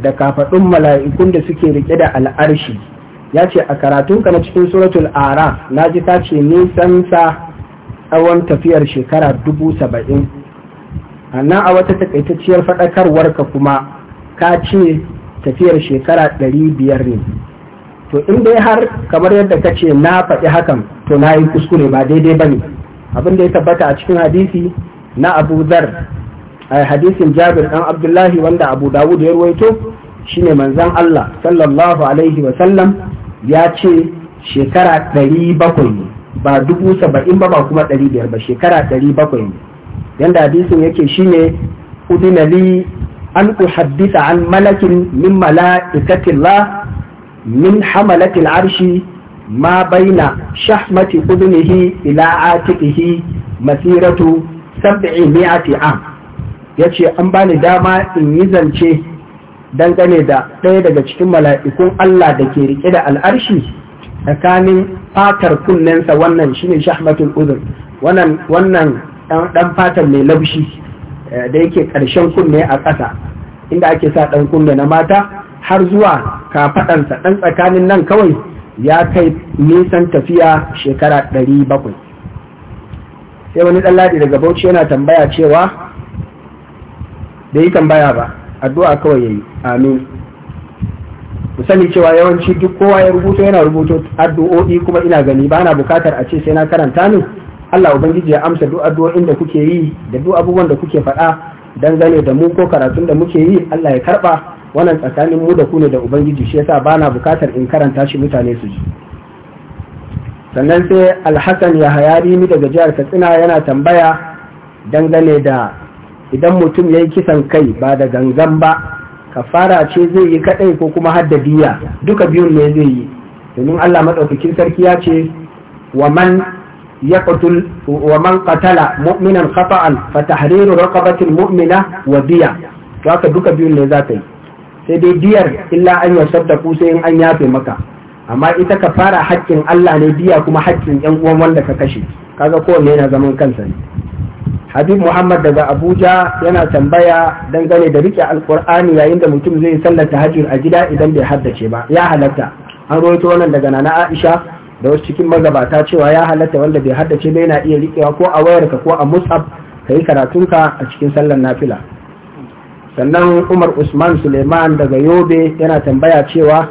da kafaɗun mala'ikun da suke riƙe da al'arshi ya ce a karatunka na cikin suratul ara na ji ta ce nisan sa tsawon tafiyar shekara dubu saba'in annan a wata takaitacciyar faɗakarwar ka kuma ka ce tafiyar shekara ɗari biyar ne to in dai har kamar yadda ka ce na faɗi hakan to na yi kuskure ba daidai ba ne abin da ya tabbata a cikin hadisi na abu zar hadisin jabir dan abdullahi wanda abu dawud ya ruwaito shine manzon Allah sallallahu alaihi wa sallam ya ce shekara 700 ne ba dubu saba'in ba ba kuma 500 ba shekara 700 ne yanda hadisin yake shine udina li an uhaddisa an malakin min mala'ikatillah min hamalatil arshi ma baina shahmati udunihi ila atiqihi masiratu 700 am ya ce an bani dama in yi zance dangane da ɗaya daga cikin mala'ikun Allah da ke riƙe da al'arshi tsakanin fatar kunnensa wannan shi shahmatul uzun wannan wannan ɗan fatar mai laushi eh, da yake ƙarshen kunne a ƙasa inda ake sa ɗan kunne na mata har zuwa kafaɗansa ɗan tsakanin nan kawai ya kai nisan tafiya shekara ɗari bakwai sai wani ɗan ladi daga bauchi yana tambaya cewa da yi tambaya ba addu'a kawai yayi amin mu sani cewa yawanci duk kowa ya rubuto yana rubuto addu'o'i kuma ina gani ba na bukatar a ce sai na karanta ne Allah ubangiji ya amsa duk addu'o'in da kuke yi da duk abubuwan da kuke faɗa dangane da mu ko karatun da muke yi Allah ya karɓa, wannan tsakanin mu da ku ne da ubangiji shi yasa ba na bukatar in karanta shi mutane su ji sannan sai alhassan ya hayari daga jihar katsina yana tambaya dangane da idan mutum ya yi kisan kai ba da gangan ba kafara ce zai yi kaɗai ko kuma haddadiya duka biyun ne zai yi domin Allah madaukakin sarki ya ce wa man yaqtul wa man qatala mu'minan khata'an fa tahriru raqabatin mu'mina wa diya to haka duka biyun ne za ta yi sai dai diyar illa an yasaddaku sai in an yafe maka amma ita ka fara haƙƙin Allah ne biya kuma haƙƙin yan uwan wanda ka kashe kaga kowanne yana zaman kansa ne habib muhammad daga abuja yana tambaya dangane da rike alkur'ani yayin da mutum zai sallar hajjin a gida idan bai haddace ba ya halatta an rawaito wannan daga nana aisha da wasu cikin magabata cewa ya halatta wanda bai haddace ba yana iya rikewa ko a wayarka ko a mus'ab kai ka a cikin sallar nafila sannan umar usman suleiman daga yobe yana tambaya cewa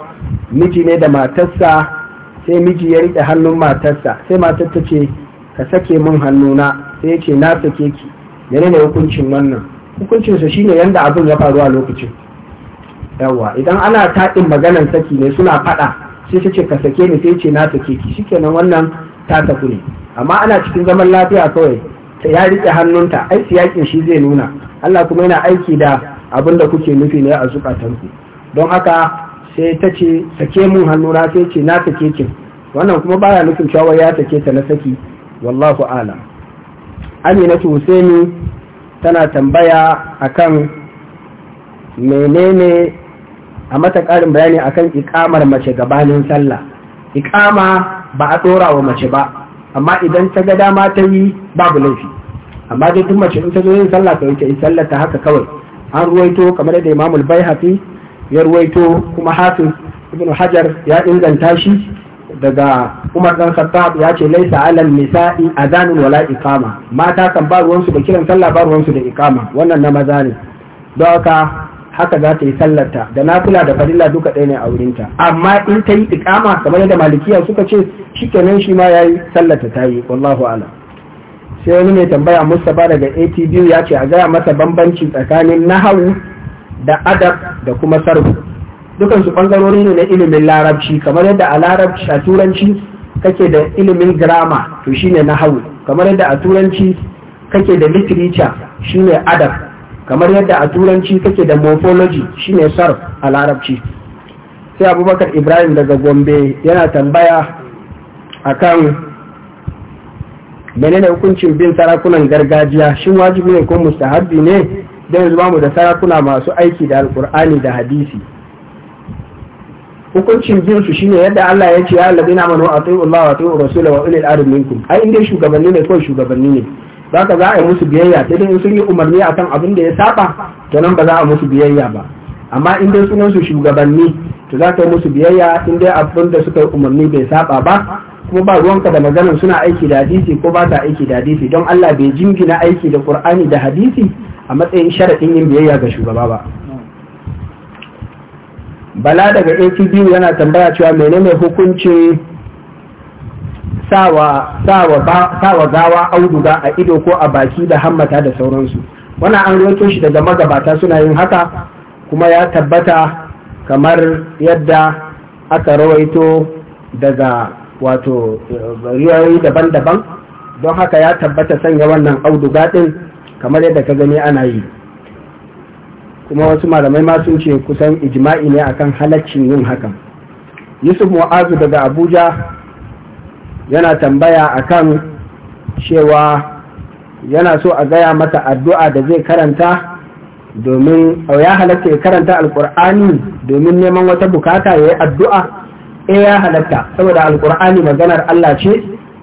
miji ne da matarsa sai miji ya rike hannun matarsa sai matar ta ce ka sake min hannuna sai ya ce na sake ki menene hukuncin wannan hukuncinsa shine yanda abin ya faru a lokacin yawa idan ana taɗin maganar saki ne suna faɗa sai ta ce ka sake ni sai ce na sake ki shikenan wannan ta tafi ne amma ana cikin zaman lafiya kawai ta ya riƙe hannunta ai siyakin shi zai nuna Allah kuma yana aiki da abin da kuke nufi ne a zukatanku don haka sai ta ce sake mun hannuna sai ce na sake ki wannan kuma baya nufin cewa ya sake ta na saki wallahu alam aminatu husaini tana tambaya akan menene a mata karin bayani akan ikamar mace gabanin sallah ikama ba a ɗora wa mace ba amma idan ta ga dama ta yi babu laifi amma dai duk mace in ta zo yin sallah ta wuce sallah ta haka kawai an ruwaito kamar da imamul bai ya ruwaito kuma hafiz ibn hajar ya inganta shi daga Umar dan Khattab ya ce laisa alal nisa'i azanun wala iqama mata kan ba ruwansu da kiran sallah ba ruwansu da iqama wannan na maza ne don haka haka za ta yi sallarta da nafila da farilla duka ɗaya ne a wurinta amma in ta yi iqama kamar yadda malikiya suka ce shikenan shi ma yayi sallarta ta yi wallahu a'lam sai wani mai tambaya Mustapha daga ATB ya ce a gaya masa bambanci tsakanin nahawu da adab da kuma sarfu dukan su bangarori ne na ilimin larabci kamar yadda a larabci a turanci kake da ilimin grammar to shine na hau kamar yadda a turanci kake da literature shine adab kamar yadda a turanci kake da morphology shine sarf a larabci sai abubakar ibrahim daga gombe yana tambaya akan menene hukuncin bin sarakunan gargajiya shin wajibi ne ko mustahabbi ne don yanzu mu da sarakuna masu aiki da alkur'ani da hadisi hukuncin bin su shine yadda Allah ya ce ya ladina amanu atiu Allah wa atiu rasula wa ulil amri minkum ai inda shugabanni ne ko shugabanni ne zaka za a yi musu biyayya sai dai sun yi umarni a kan abin da ya saba to nan ba za a musu biyayya ba amma in dai sunan su shugabanni to za ka yi musu biyayya in dai abin da suka yi umarni bai saba ba kuma ba ruwanka da maganar suna aiki da hadisi ko ba ta aiki da hadisi don Allah bai jingina aiki da Qur'ani da hadisi a matsayin sharaɗin yin biyayya ga shugaba ba bala daga biyu yana tambaya cewa menene hukuncin sawa gawa auduga a ido ko a baki da hammata da sauransu wannan an roƙo shi daga magabata suna yin haka kuma ya tabbata kamar yadda aka rawaito daga wato eh, riyoyi daban-daban don haka ya tabbata sanya wannan auduga ɗin kamar yadda ka gani ana yi kuma wasu malamai ma sun ce kusan ijma'i ne akan halaccin yin hakan yusuf mu'azu daga abuja yana tambaya akan cewa yana so a gaya mata addu'a da zai karanta domin oh, ya halatta ya karanta alkur'ani domin neman wata bukata ya yi addu'a e ya halatta saboda alkur'ani maganar Allah ce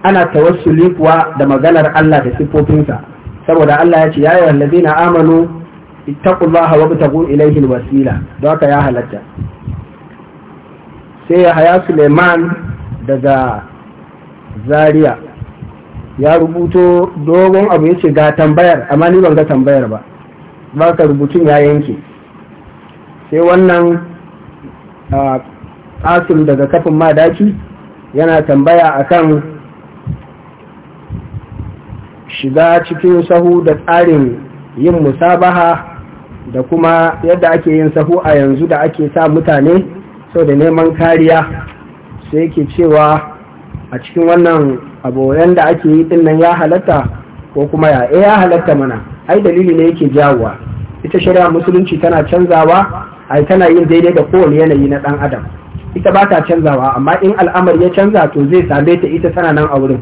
ana tawassuli kuwa da maganar Allah da siffofinsa saboda Allah ya ce ya yi wallazi na amanu wa wabtagu ilayhi alwasila don ka ya halatta sai ya haya Suleiman daga Zaria ya rubuto dogon abu yace ga tambayar amma ni ban ga tambayar ba ba ka rubutun ya yanke sai wannan asim daga kafin madaki yana tambaya akan shiga cikin sahu da tsarin yin musabaha da kuma yadda ake yin sahu a yanzu da ake sa mutane sau da neman kariya sai ke cewa a cikin wannan abu da ake yi dinnan nan ya halatta ko kuma ya e ya halatta mana ai dalili ne yake jawowa ita shari'a musulunci tana canzawa ai tana yin daidai da kowane yanayi na ɗan adam ita ba ta canzawa amma in al'amari ya canza to zai same ta ita tana nan a wurin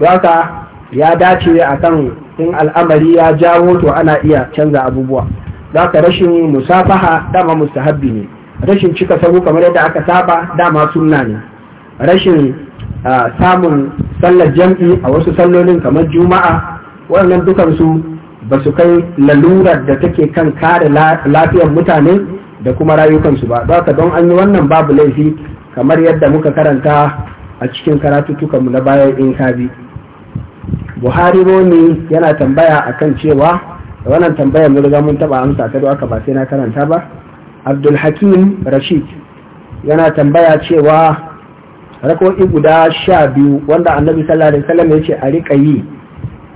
haka ya dace akan in al'amari ya jawo to ana iya canza abubuwa za ka rashin musafaha dama mustahabbi ne rashin cika sahu kamar yadda aka saba dama sunna ne rashin ah, samun sallar jam'i a wasu sallolin kamar juma'a wannan dukansu ba su kai lalurar da take kan kare lafiyar mutane da kuma rayukansu ba za ka don an yi wannan babu laifi kamar yadda muka karanta a cikin karatutukanmu na bayan in kabi buhari Roni yana tambaya akan cewa wannan tambayar mun riga mun taba amsa ta aka ba sai na karanta ba abdul hakim rashid yana tambaya cewa rako'i guda sha wanda annabi sallallahu alaihi wasallam ya ce a rika yi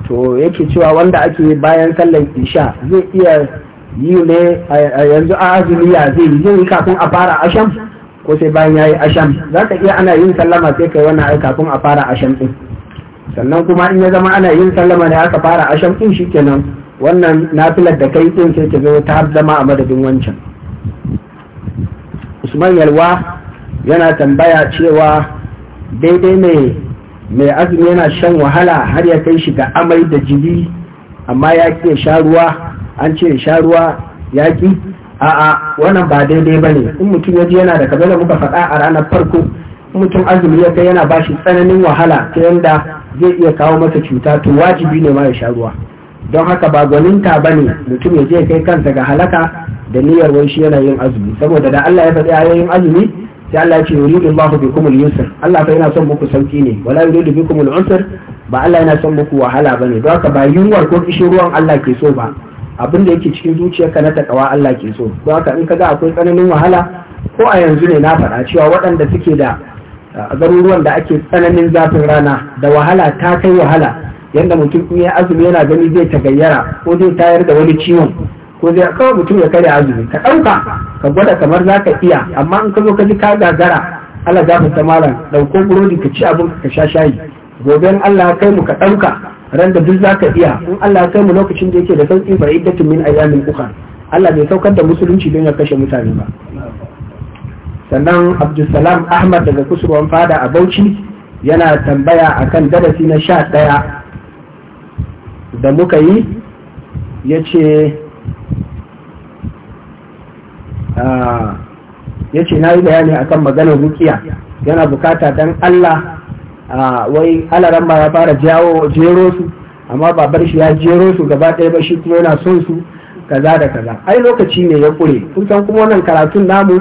to yake cewa wanda ake bayan sallan isha zai iya yi ne yanzu a azumiya zai yi zai kafin a fara asham ko sai bayan yayi asham za iya ana yin sallama sai kai wannan ai kafin a fara asham din sannan kuma in ya zama ana yin sallama ne aka fara asham din shikenan wannan nafilar da kai din sai ta zo ta zama a madadin wancan usman yalwa yana tambaya cewa daidai ne mai azumi yana shan wahala har ya kai shi ga amai da jiri amma ya ke sha ruwa an ce sha ruwa ya ki a'a wannan ba daidai ba ne in mutum ya ji yana da kaza da muka faɗa a ranar farko in mutum azumi ya kai yana ba shi tsananin wahala ta yanda zai iya kawo masa cuta to wajibi ne ma ya sha ruwa don haka ba gwaninta ba ne mutum ya je kai kansa ga halaka da niyyar wai shi yana yin azumi saboda da Allah ya faɗi ayoyin azumi sai Allah ya ce ba ku bi kuma yusr Allah fa yana son muku sauki ne wala yuridu bi al-usr ba Allah yana son muku wahala ba ne. don haka ba yunwar ko kishin ruwan Allah ke so ba abin da yake cikin zuciya zuciyarka na takawa Allah ke so don haka in ka ga akwai tsananin wahala ko a yanzu ne na faɗa cewa waɗanda suke da uh, garuruwan da ake tsananin zafin rana da wahala ta kai wahala Yadda mutum in ya azumi yana gani zai tagayyara ko zai tayar da wani ciwon ko zai kawo mutum ya karya azumi ka ɗauka ka gwada kamar za ka iya amma in ka zo ka ji ka gagara Allah za ta malam ɗauko burodi ka ci abin ka sha shayi gobe in Allah kai mu ka ɗauka ran da duk za ka iya in Allah kai mu lokacin da yake da sauƙi fa iddatun min ayyamin ukhra Allah bai saukar da musulunci don ya kashe mutane ba sannan Abdulsalam Ahmad daga kusurwan fada a Bauchi yana tambaya akan darasi na sha ɗaya da muka yi ya ce ah, na yi bayani akan maganar rukiya yana bukata don Allah ah, wai alaran ba ya fara jero su amma babar shi ya jero su gaba ɗaya ba shi kuma yana son su kaza da kaza ai lokaci ne ya kure kusan kuma wannan karatun namu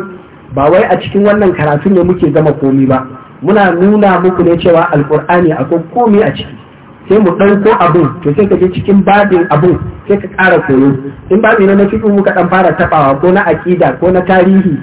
ba wai a cikin wannan karatun ne muke gama komi ba muna nuna muku ne cewa alkur'ani akwai komi a ciki sai mu ɗauko abun to sai ka je cikin babin abun sai ka ƙara koyo in babi ne na fiƙin muka ɗan fara taɓawa ko na aƙida ko na tarihi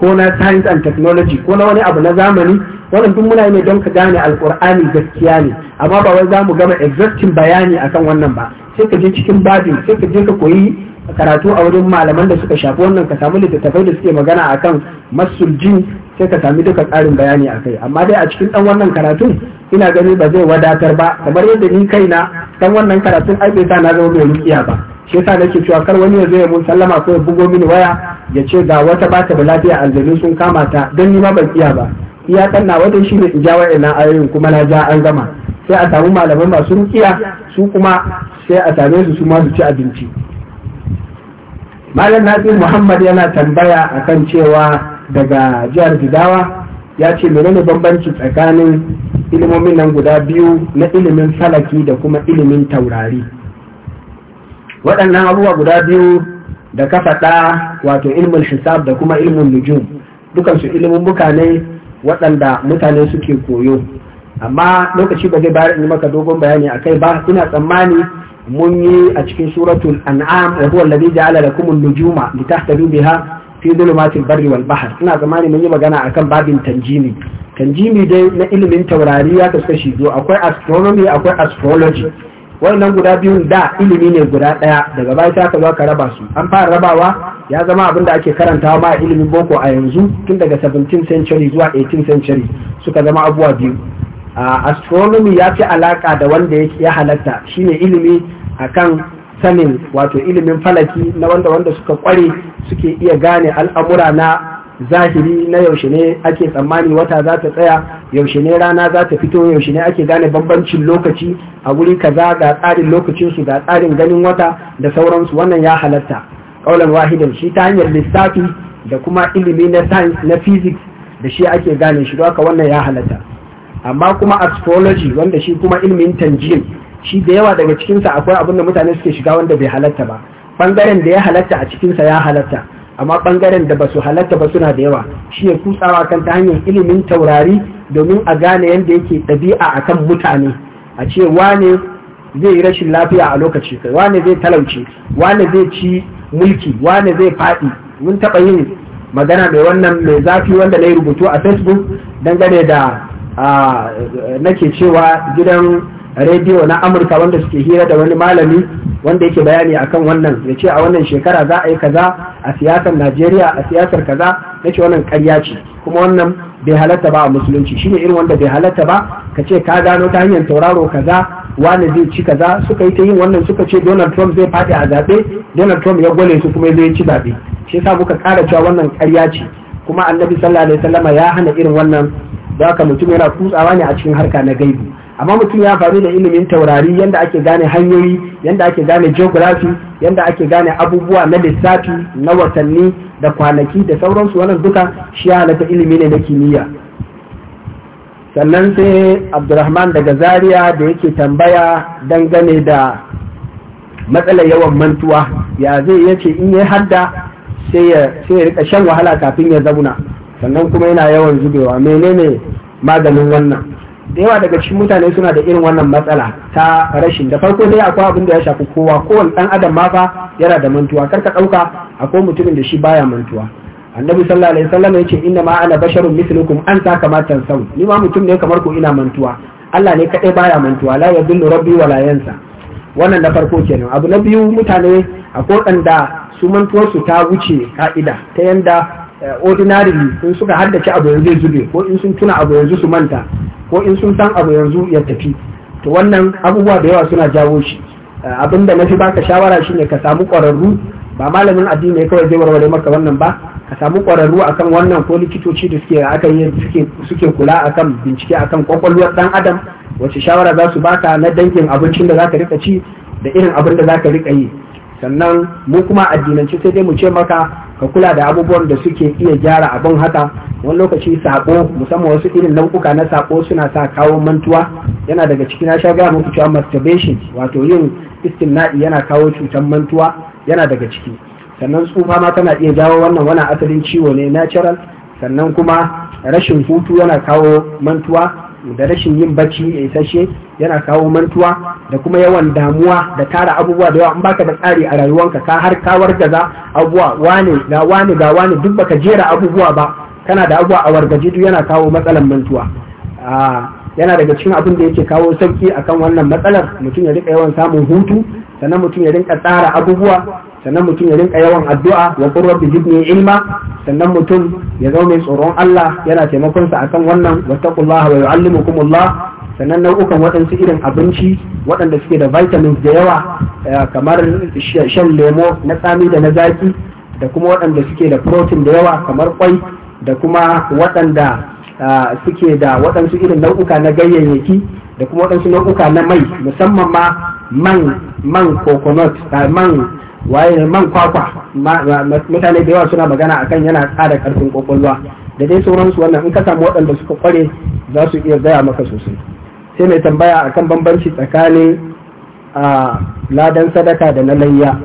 ko na science and technology ko na wani abu na zamani wannan duk muna ne don ka gane alkur'ani gaskiya ne amma ba wai za mu gama exactin bayani akan wannan ba sai ka je cikin babi sai ka je ka koyi karatu a wurin malaman da suka shafi wannan ka samu littattafai da suke magana akan masul jin sai ka sami duka tsarin bayani a kai amma dai a cikin dan wannan karatun ina gani ba zai wadatar ba kamar yadda ni kai na, dan wannan karatun ai bai sa na zama mai rukiya ba shi yasa nake cewa kar wani ya zo ya mun sallama ko ya bugo mini waya ya ce ga wata bata da lafiya aljanu sun kama ta don ni ma ban iya ba iya kanna wajen shi ne jawa ina ayoyin kuma na ja an gama sai a samu malamai masu rukiya su kuma sai a same su su ma su ci abinci malam nasir muhammad yana tambaya akan cewa daga jihar Gidawa ya ce menene bambanci tsakanin ilimomin nan guda biyu na ilimin salaki da kuma ilimin taurari waɗannan abubuwa guda biyu da ka faɗa wato ilimin hisab da kuma ilimin nujum dukansu ilimin ne waɗanda mutane suke koyo amma lokaci ba zai bayar in maka dogon bayani a kai ba ina tsammani mun yi a cikin suratul an'am wa huwa alladhi ja'ala lakum an-nujuma litahtadu biha fi dhulumatil barri wal bahr ina tsammani mun yi magana akan babin tanjimi tanjimi dai na ilimin taurari ya kasu kashi biyu akwai astronomy akwai astrology wannan guda biyun da ilimi ne guda ɗaya daga baya ta ka ka raba su an fara rabawa ya zama abin da ake karantawa ma ilimin boko a yanzu tun daga 17th century zuwa 18th century suka zama abuwa biyu astronomy ya fi alaka da wanda ya halatta shine ilimi akan sanin wato ilimin falaki na wanda wanda suka kware suke iya gane al'amura na zahiri na yaushe ne ake tsammani wata za ta tsaya yaushe ne rana za ta fito yaushe ne ake gane bambancin lokaci a wuri kaza ga tsarin lokacinsu ga tsarin ganin wata da sauransu wannan ya halatta ƙaunar wahidan shi ta hanyar lissafi da kuma ilimi na science na physics da shi ake gane shi haka wannan ya halatta amma kuma astrology wanda shi kuma ilimin tanjim shi da yawa daga cikinsa akwai abin da mutane suke shiga wanda bai halatta ba bangaren da ya halatta a cikinsa ya halatta amma ɓangaren da ba su halatta ba suna da yawa shi ya kutsawa kan ta hanyar ilimin taurari domin a gane yadda yake ɗabi'a a kan mutane a ce wane zai yi rashin lafiya a lokaci kai wane zai talauci? wane zai ci mulki wane zai faɗi mun taɓa yin magana mai wannan mai zafi wanda na yi rubutu a facebook dangane da nake cewa gidan A rediyo na amurka wanda suke hira da wani malami wanda yake bayani akan wannan ya ce a wannan shekara za a yi kaza a siyasar najeriya a siyasar kaza na ce wannan karya ce kuma wannan bai halatta ba a musulunci shine irin wanda bai halatta ba ka ce ka gano ta hanyar tauraro kaza wani zai ci kaza suka yi ta yin wannan suka ce donald trump zai faɗi a zaɓe donald trump ya gwale su kuma zai ci zaɓe shi yasa muka ƙara cewa wannan karya ce kuma annabi sallallahu alaihi wasallama ya hana irin wannan da haka mutum yana kutsawa ne a cikin harka na gaibi amma mutum ya faru da ilimin taurari yanda ake gane hanyoyi yanda ake gane geography yanda ake gane abubuwa na lissafi na watanni da kwanaki da sauransu wannan duka shi ya halatta ilimi ne na kimiyya sannan sai abdurrahman daga zaria da yake tambaya dangane da matsalar yawan mantuwa ya zai yace in ya hadda sai ya rika shan wahala kafin ya zauna sannan kuma yana yawan zubewa menene maganin wannan da yawa daga cikin mutane suna da irin wannan matsala ta rashin da farko dai akwai abin da ya shafi kowa kowane dan adam ma fa yana da mantuwa kar karka ɗauka akwai mutumin da shi baya mantuwa annabi sallallahu alaihi wasallam yace inna ma ana basharun mislukum an ta kamatan sau ni ma mutum ne kamar ku ina mantuwa Allah ne kadai baya mantuwa la yadullu rabbi wala yansa wannan na farko kenan abu na biyu mutane akwai waɗanda su mantuwarsu ta wuce ka'ida ta yanda eh, ordinarily in suka haddace abu yanzu zube ko in sun tuna abu yanzu su manta ko in sun san abu yanzu ya tafi to wannan abubuwa da yawa suna jawo shi eh, abin da na fi baka shawara shine ka samu ƙwararru ba malamin addini ne kawai zai warware maka wannan ba ka samu ƙwararru akan wannan ko likitoci da suke aka yi suke kula akan bincike akan kwakwalwar dan adam wace shawara za su baka na dangin abincin da za ka rika ci da irin abin da za ka rika yi sannan mu kuma addinance sai dai mu ce maka ka kula da abubuwan da suke iya gyara abin haka wani lokaci sako musamman wasu irin nau'uka na sako suna sa kawo mantuwa yana daga cikin na sha gaya muku cewa masturbation wato yin istimna'i yana kawo cutar mantuwa yana daga ciki sannan tsufa ma tana iya jawo wannan wani asalin ciwo ne natural sannan kuma rashin hutu yana kawo mantuwa da rashin yin bacci ya shi yana kawo mantuwa da kuma yawan damuwa da tara abubuwa da yawa in baka da tsari a rayuwanka ka har kawar gaza abubuwa wane ga wane ga wane duk baka jera abubuwa ba kana da abubuwa a wargaje duk yana kawo matsalan mantuwa yana daga cikin abin da yake kawo sauki akan wannan matsalar mutum ya rika yawan samun hutu sannan mutum ya rinka tsara abubuwa sannan mutum ya rinka yawan addu'a wa qurrat jibni ilma sannan mutum ya zama mai tsoron Allah yana taimakon sa akan wannan wattaqullaha wa yu'allimukumullah sannan nau'ukan waɗansu irin abinci waɗanda suke da vitamins da yawa eh, kamar shan lemo na tsami da na zaki da kuma waɗanda suke da protein da yawa kamar kwai da kuma waɗanda eh, suke da waɗansu irin nau'uka na ganyayyaki da kuma waɗansu nau'uka na mai musamman ma man man coconut eh, man waye man kwakwa mutane da yawa suna magana akan yana tsara karfin kokolwa da dai sauransu wannan in ka samu waɗanda suka kware za su iya gaya maka sosai sai mai tambaya akan bambanci tsakanin a ladan sadaka da na layya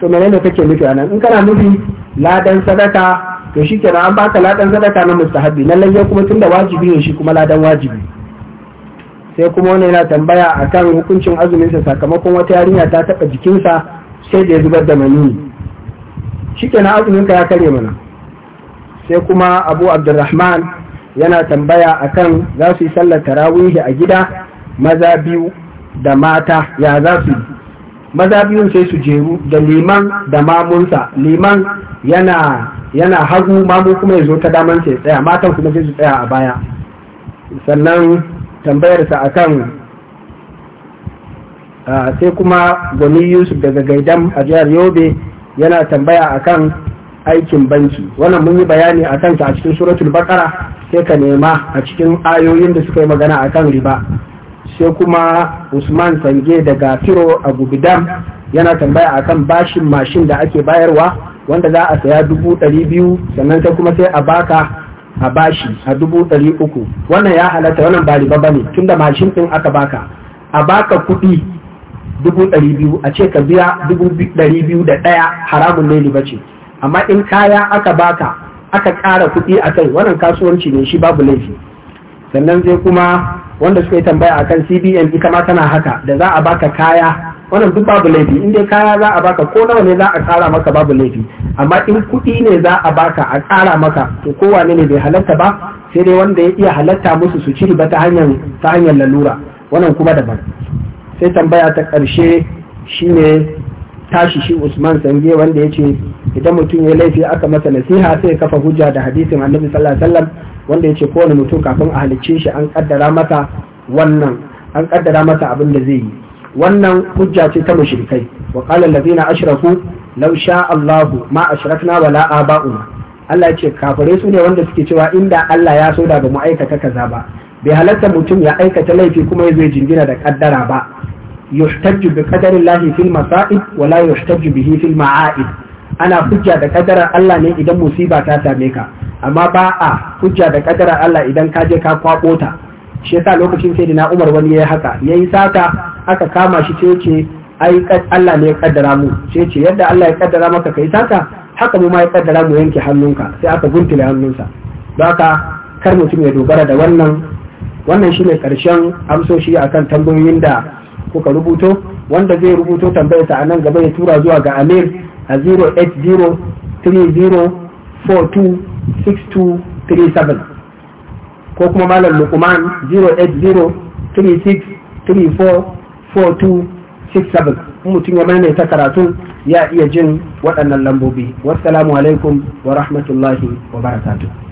to menene kake nufi anan in kana nufi ladan sadaka to shi an baka ladan sadaka na mustahabi na layya kuma tunda wajibi ne shi kuma ladan wajibi sai kuma wani yana tambaya a kan hukuncin azuminsa sakamakon wata yarinya ta taɓa jikinsa sai da ya zubar da maniyi shi na azuminka ya kare mana sai kuma abu abdurrahman yana tambaya a kan za su yi sallar tarawihi a gida maza biyu da mata ya za su maza biyun sai su jeru da liman da mamunsa liman yana hagu mamu kuma ya zo ta daman sai tsaya matan kuma sai su tsaya a baya sannan tambayarsa kan sai kuma gwani yusuf daga Gaidan a jihar yobe yana tambaya a kan aikin banki wannan mun yi bayani a kanta a cikin suratul bakara sai ka nema a cikin ayoyin da suka yi magana a kan riba sai kuma usman sange daga firo a gubidam yana tambaya a kan bashin mashin da ake bayarwa wanda za a saya dubu ɗari biyu sannan sai kuma sai a baka a bashi a dubu ɗari uku wannan ya halatta wannan ba riba bane tun da mashin ɗin aka baka a baka kuɗi dubu ɗari biyu a ce ka biya dubu ɗari biyu da ɗaya haramun ne riba ce amma in kaya aka baka aka ƙara kuɗi a kai wannan kasuwanci ne shi babu laifi sannan zai kuma wanda suka yi tambaya akan cbn ita ma tana haka da za a baka kaya wannan duk babu laifi in dai kaya za a baka ko nawa ne za a kara maka babu laifi amma in kuɗi ne za a baka a kara maka to kowane ne bai halatta ba sai dai wanda ya iya halatta musu su ciri ba ta hanyar ta hanyar lalura wannan kuma daban sai tambaya ta ƙarshe shine tashi shi Usman Sange wanda ya ce idan mutum ya laifi aka masa nasiha sai ya kafa hujja da hadisin Annabi sallallahu alaihi wasallam wanda ya ce kowane mutum kafin a halicce shi an kaddara masa wannan an kaddara masa abin da zai yi wannan hujja ce ta mushrikai wa qala allazina ashraku law sha Allahu ma ashrakna wala aba'una Allah ya ce kafirai su ne wanda suke cewa inda Allah ya so da ba mu aikata kaza ba bai halatta mutum ya aikata laifi kuma ya zai jingina da kaddara ba yuhtajju bi qadarillahi fil masa'ib wa la yuhtajju bihi fil ma'a'ib ana hujja da kadarar Allah ne idan musiba ta same ka amma ba a hujja da kadarar Allah idan ka je ka kwabo ta shi yasa lokacin sai na umar wani ya haka ya yi sata aka kama shi ce ce ai Allah ne ya kaddara mu ce ce yadda Allah ya kaddara maka kai sata haka mu ma ya kaddara mu yanke hannunka sai aka guntule hannunsa don haka kar mutum ya dogara da wannan wannan shi ne karshen amsoshi akan tambayoyin da kuka rubuto wanda zai rubuto tambayar sa a nan gaba ya tura zuwa ga Amir a 6237 ko kuma malam lukman 08036344267 in mutum ya ta karatun ya iya jin waɗannan lambobi wasu alaikum wa rahmatullahi wa barakatuh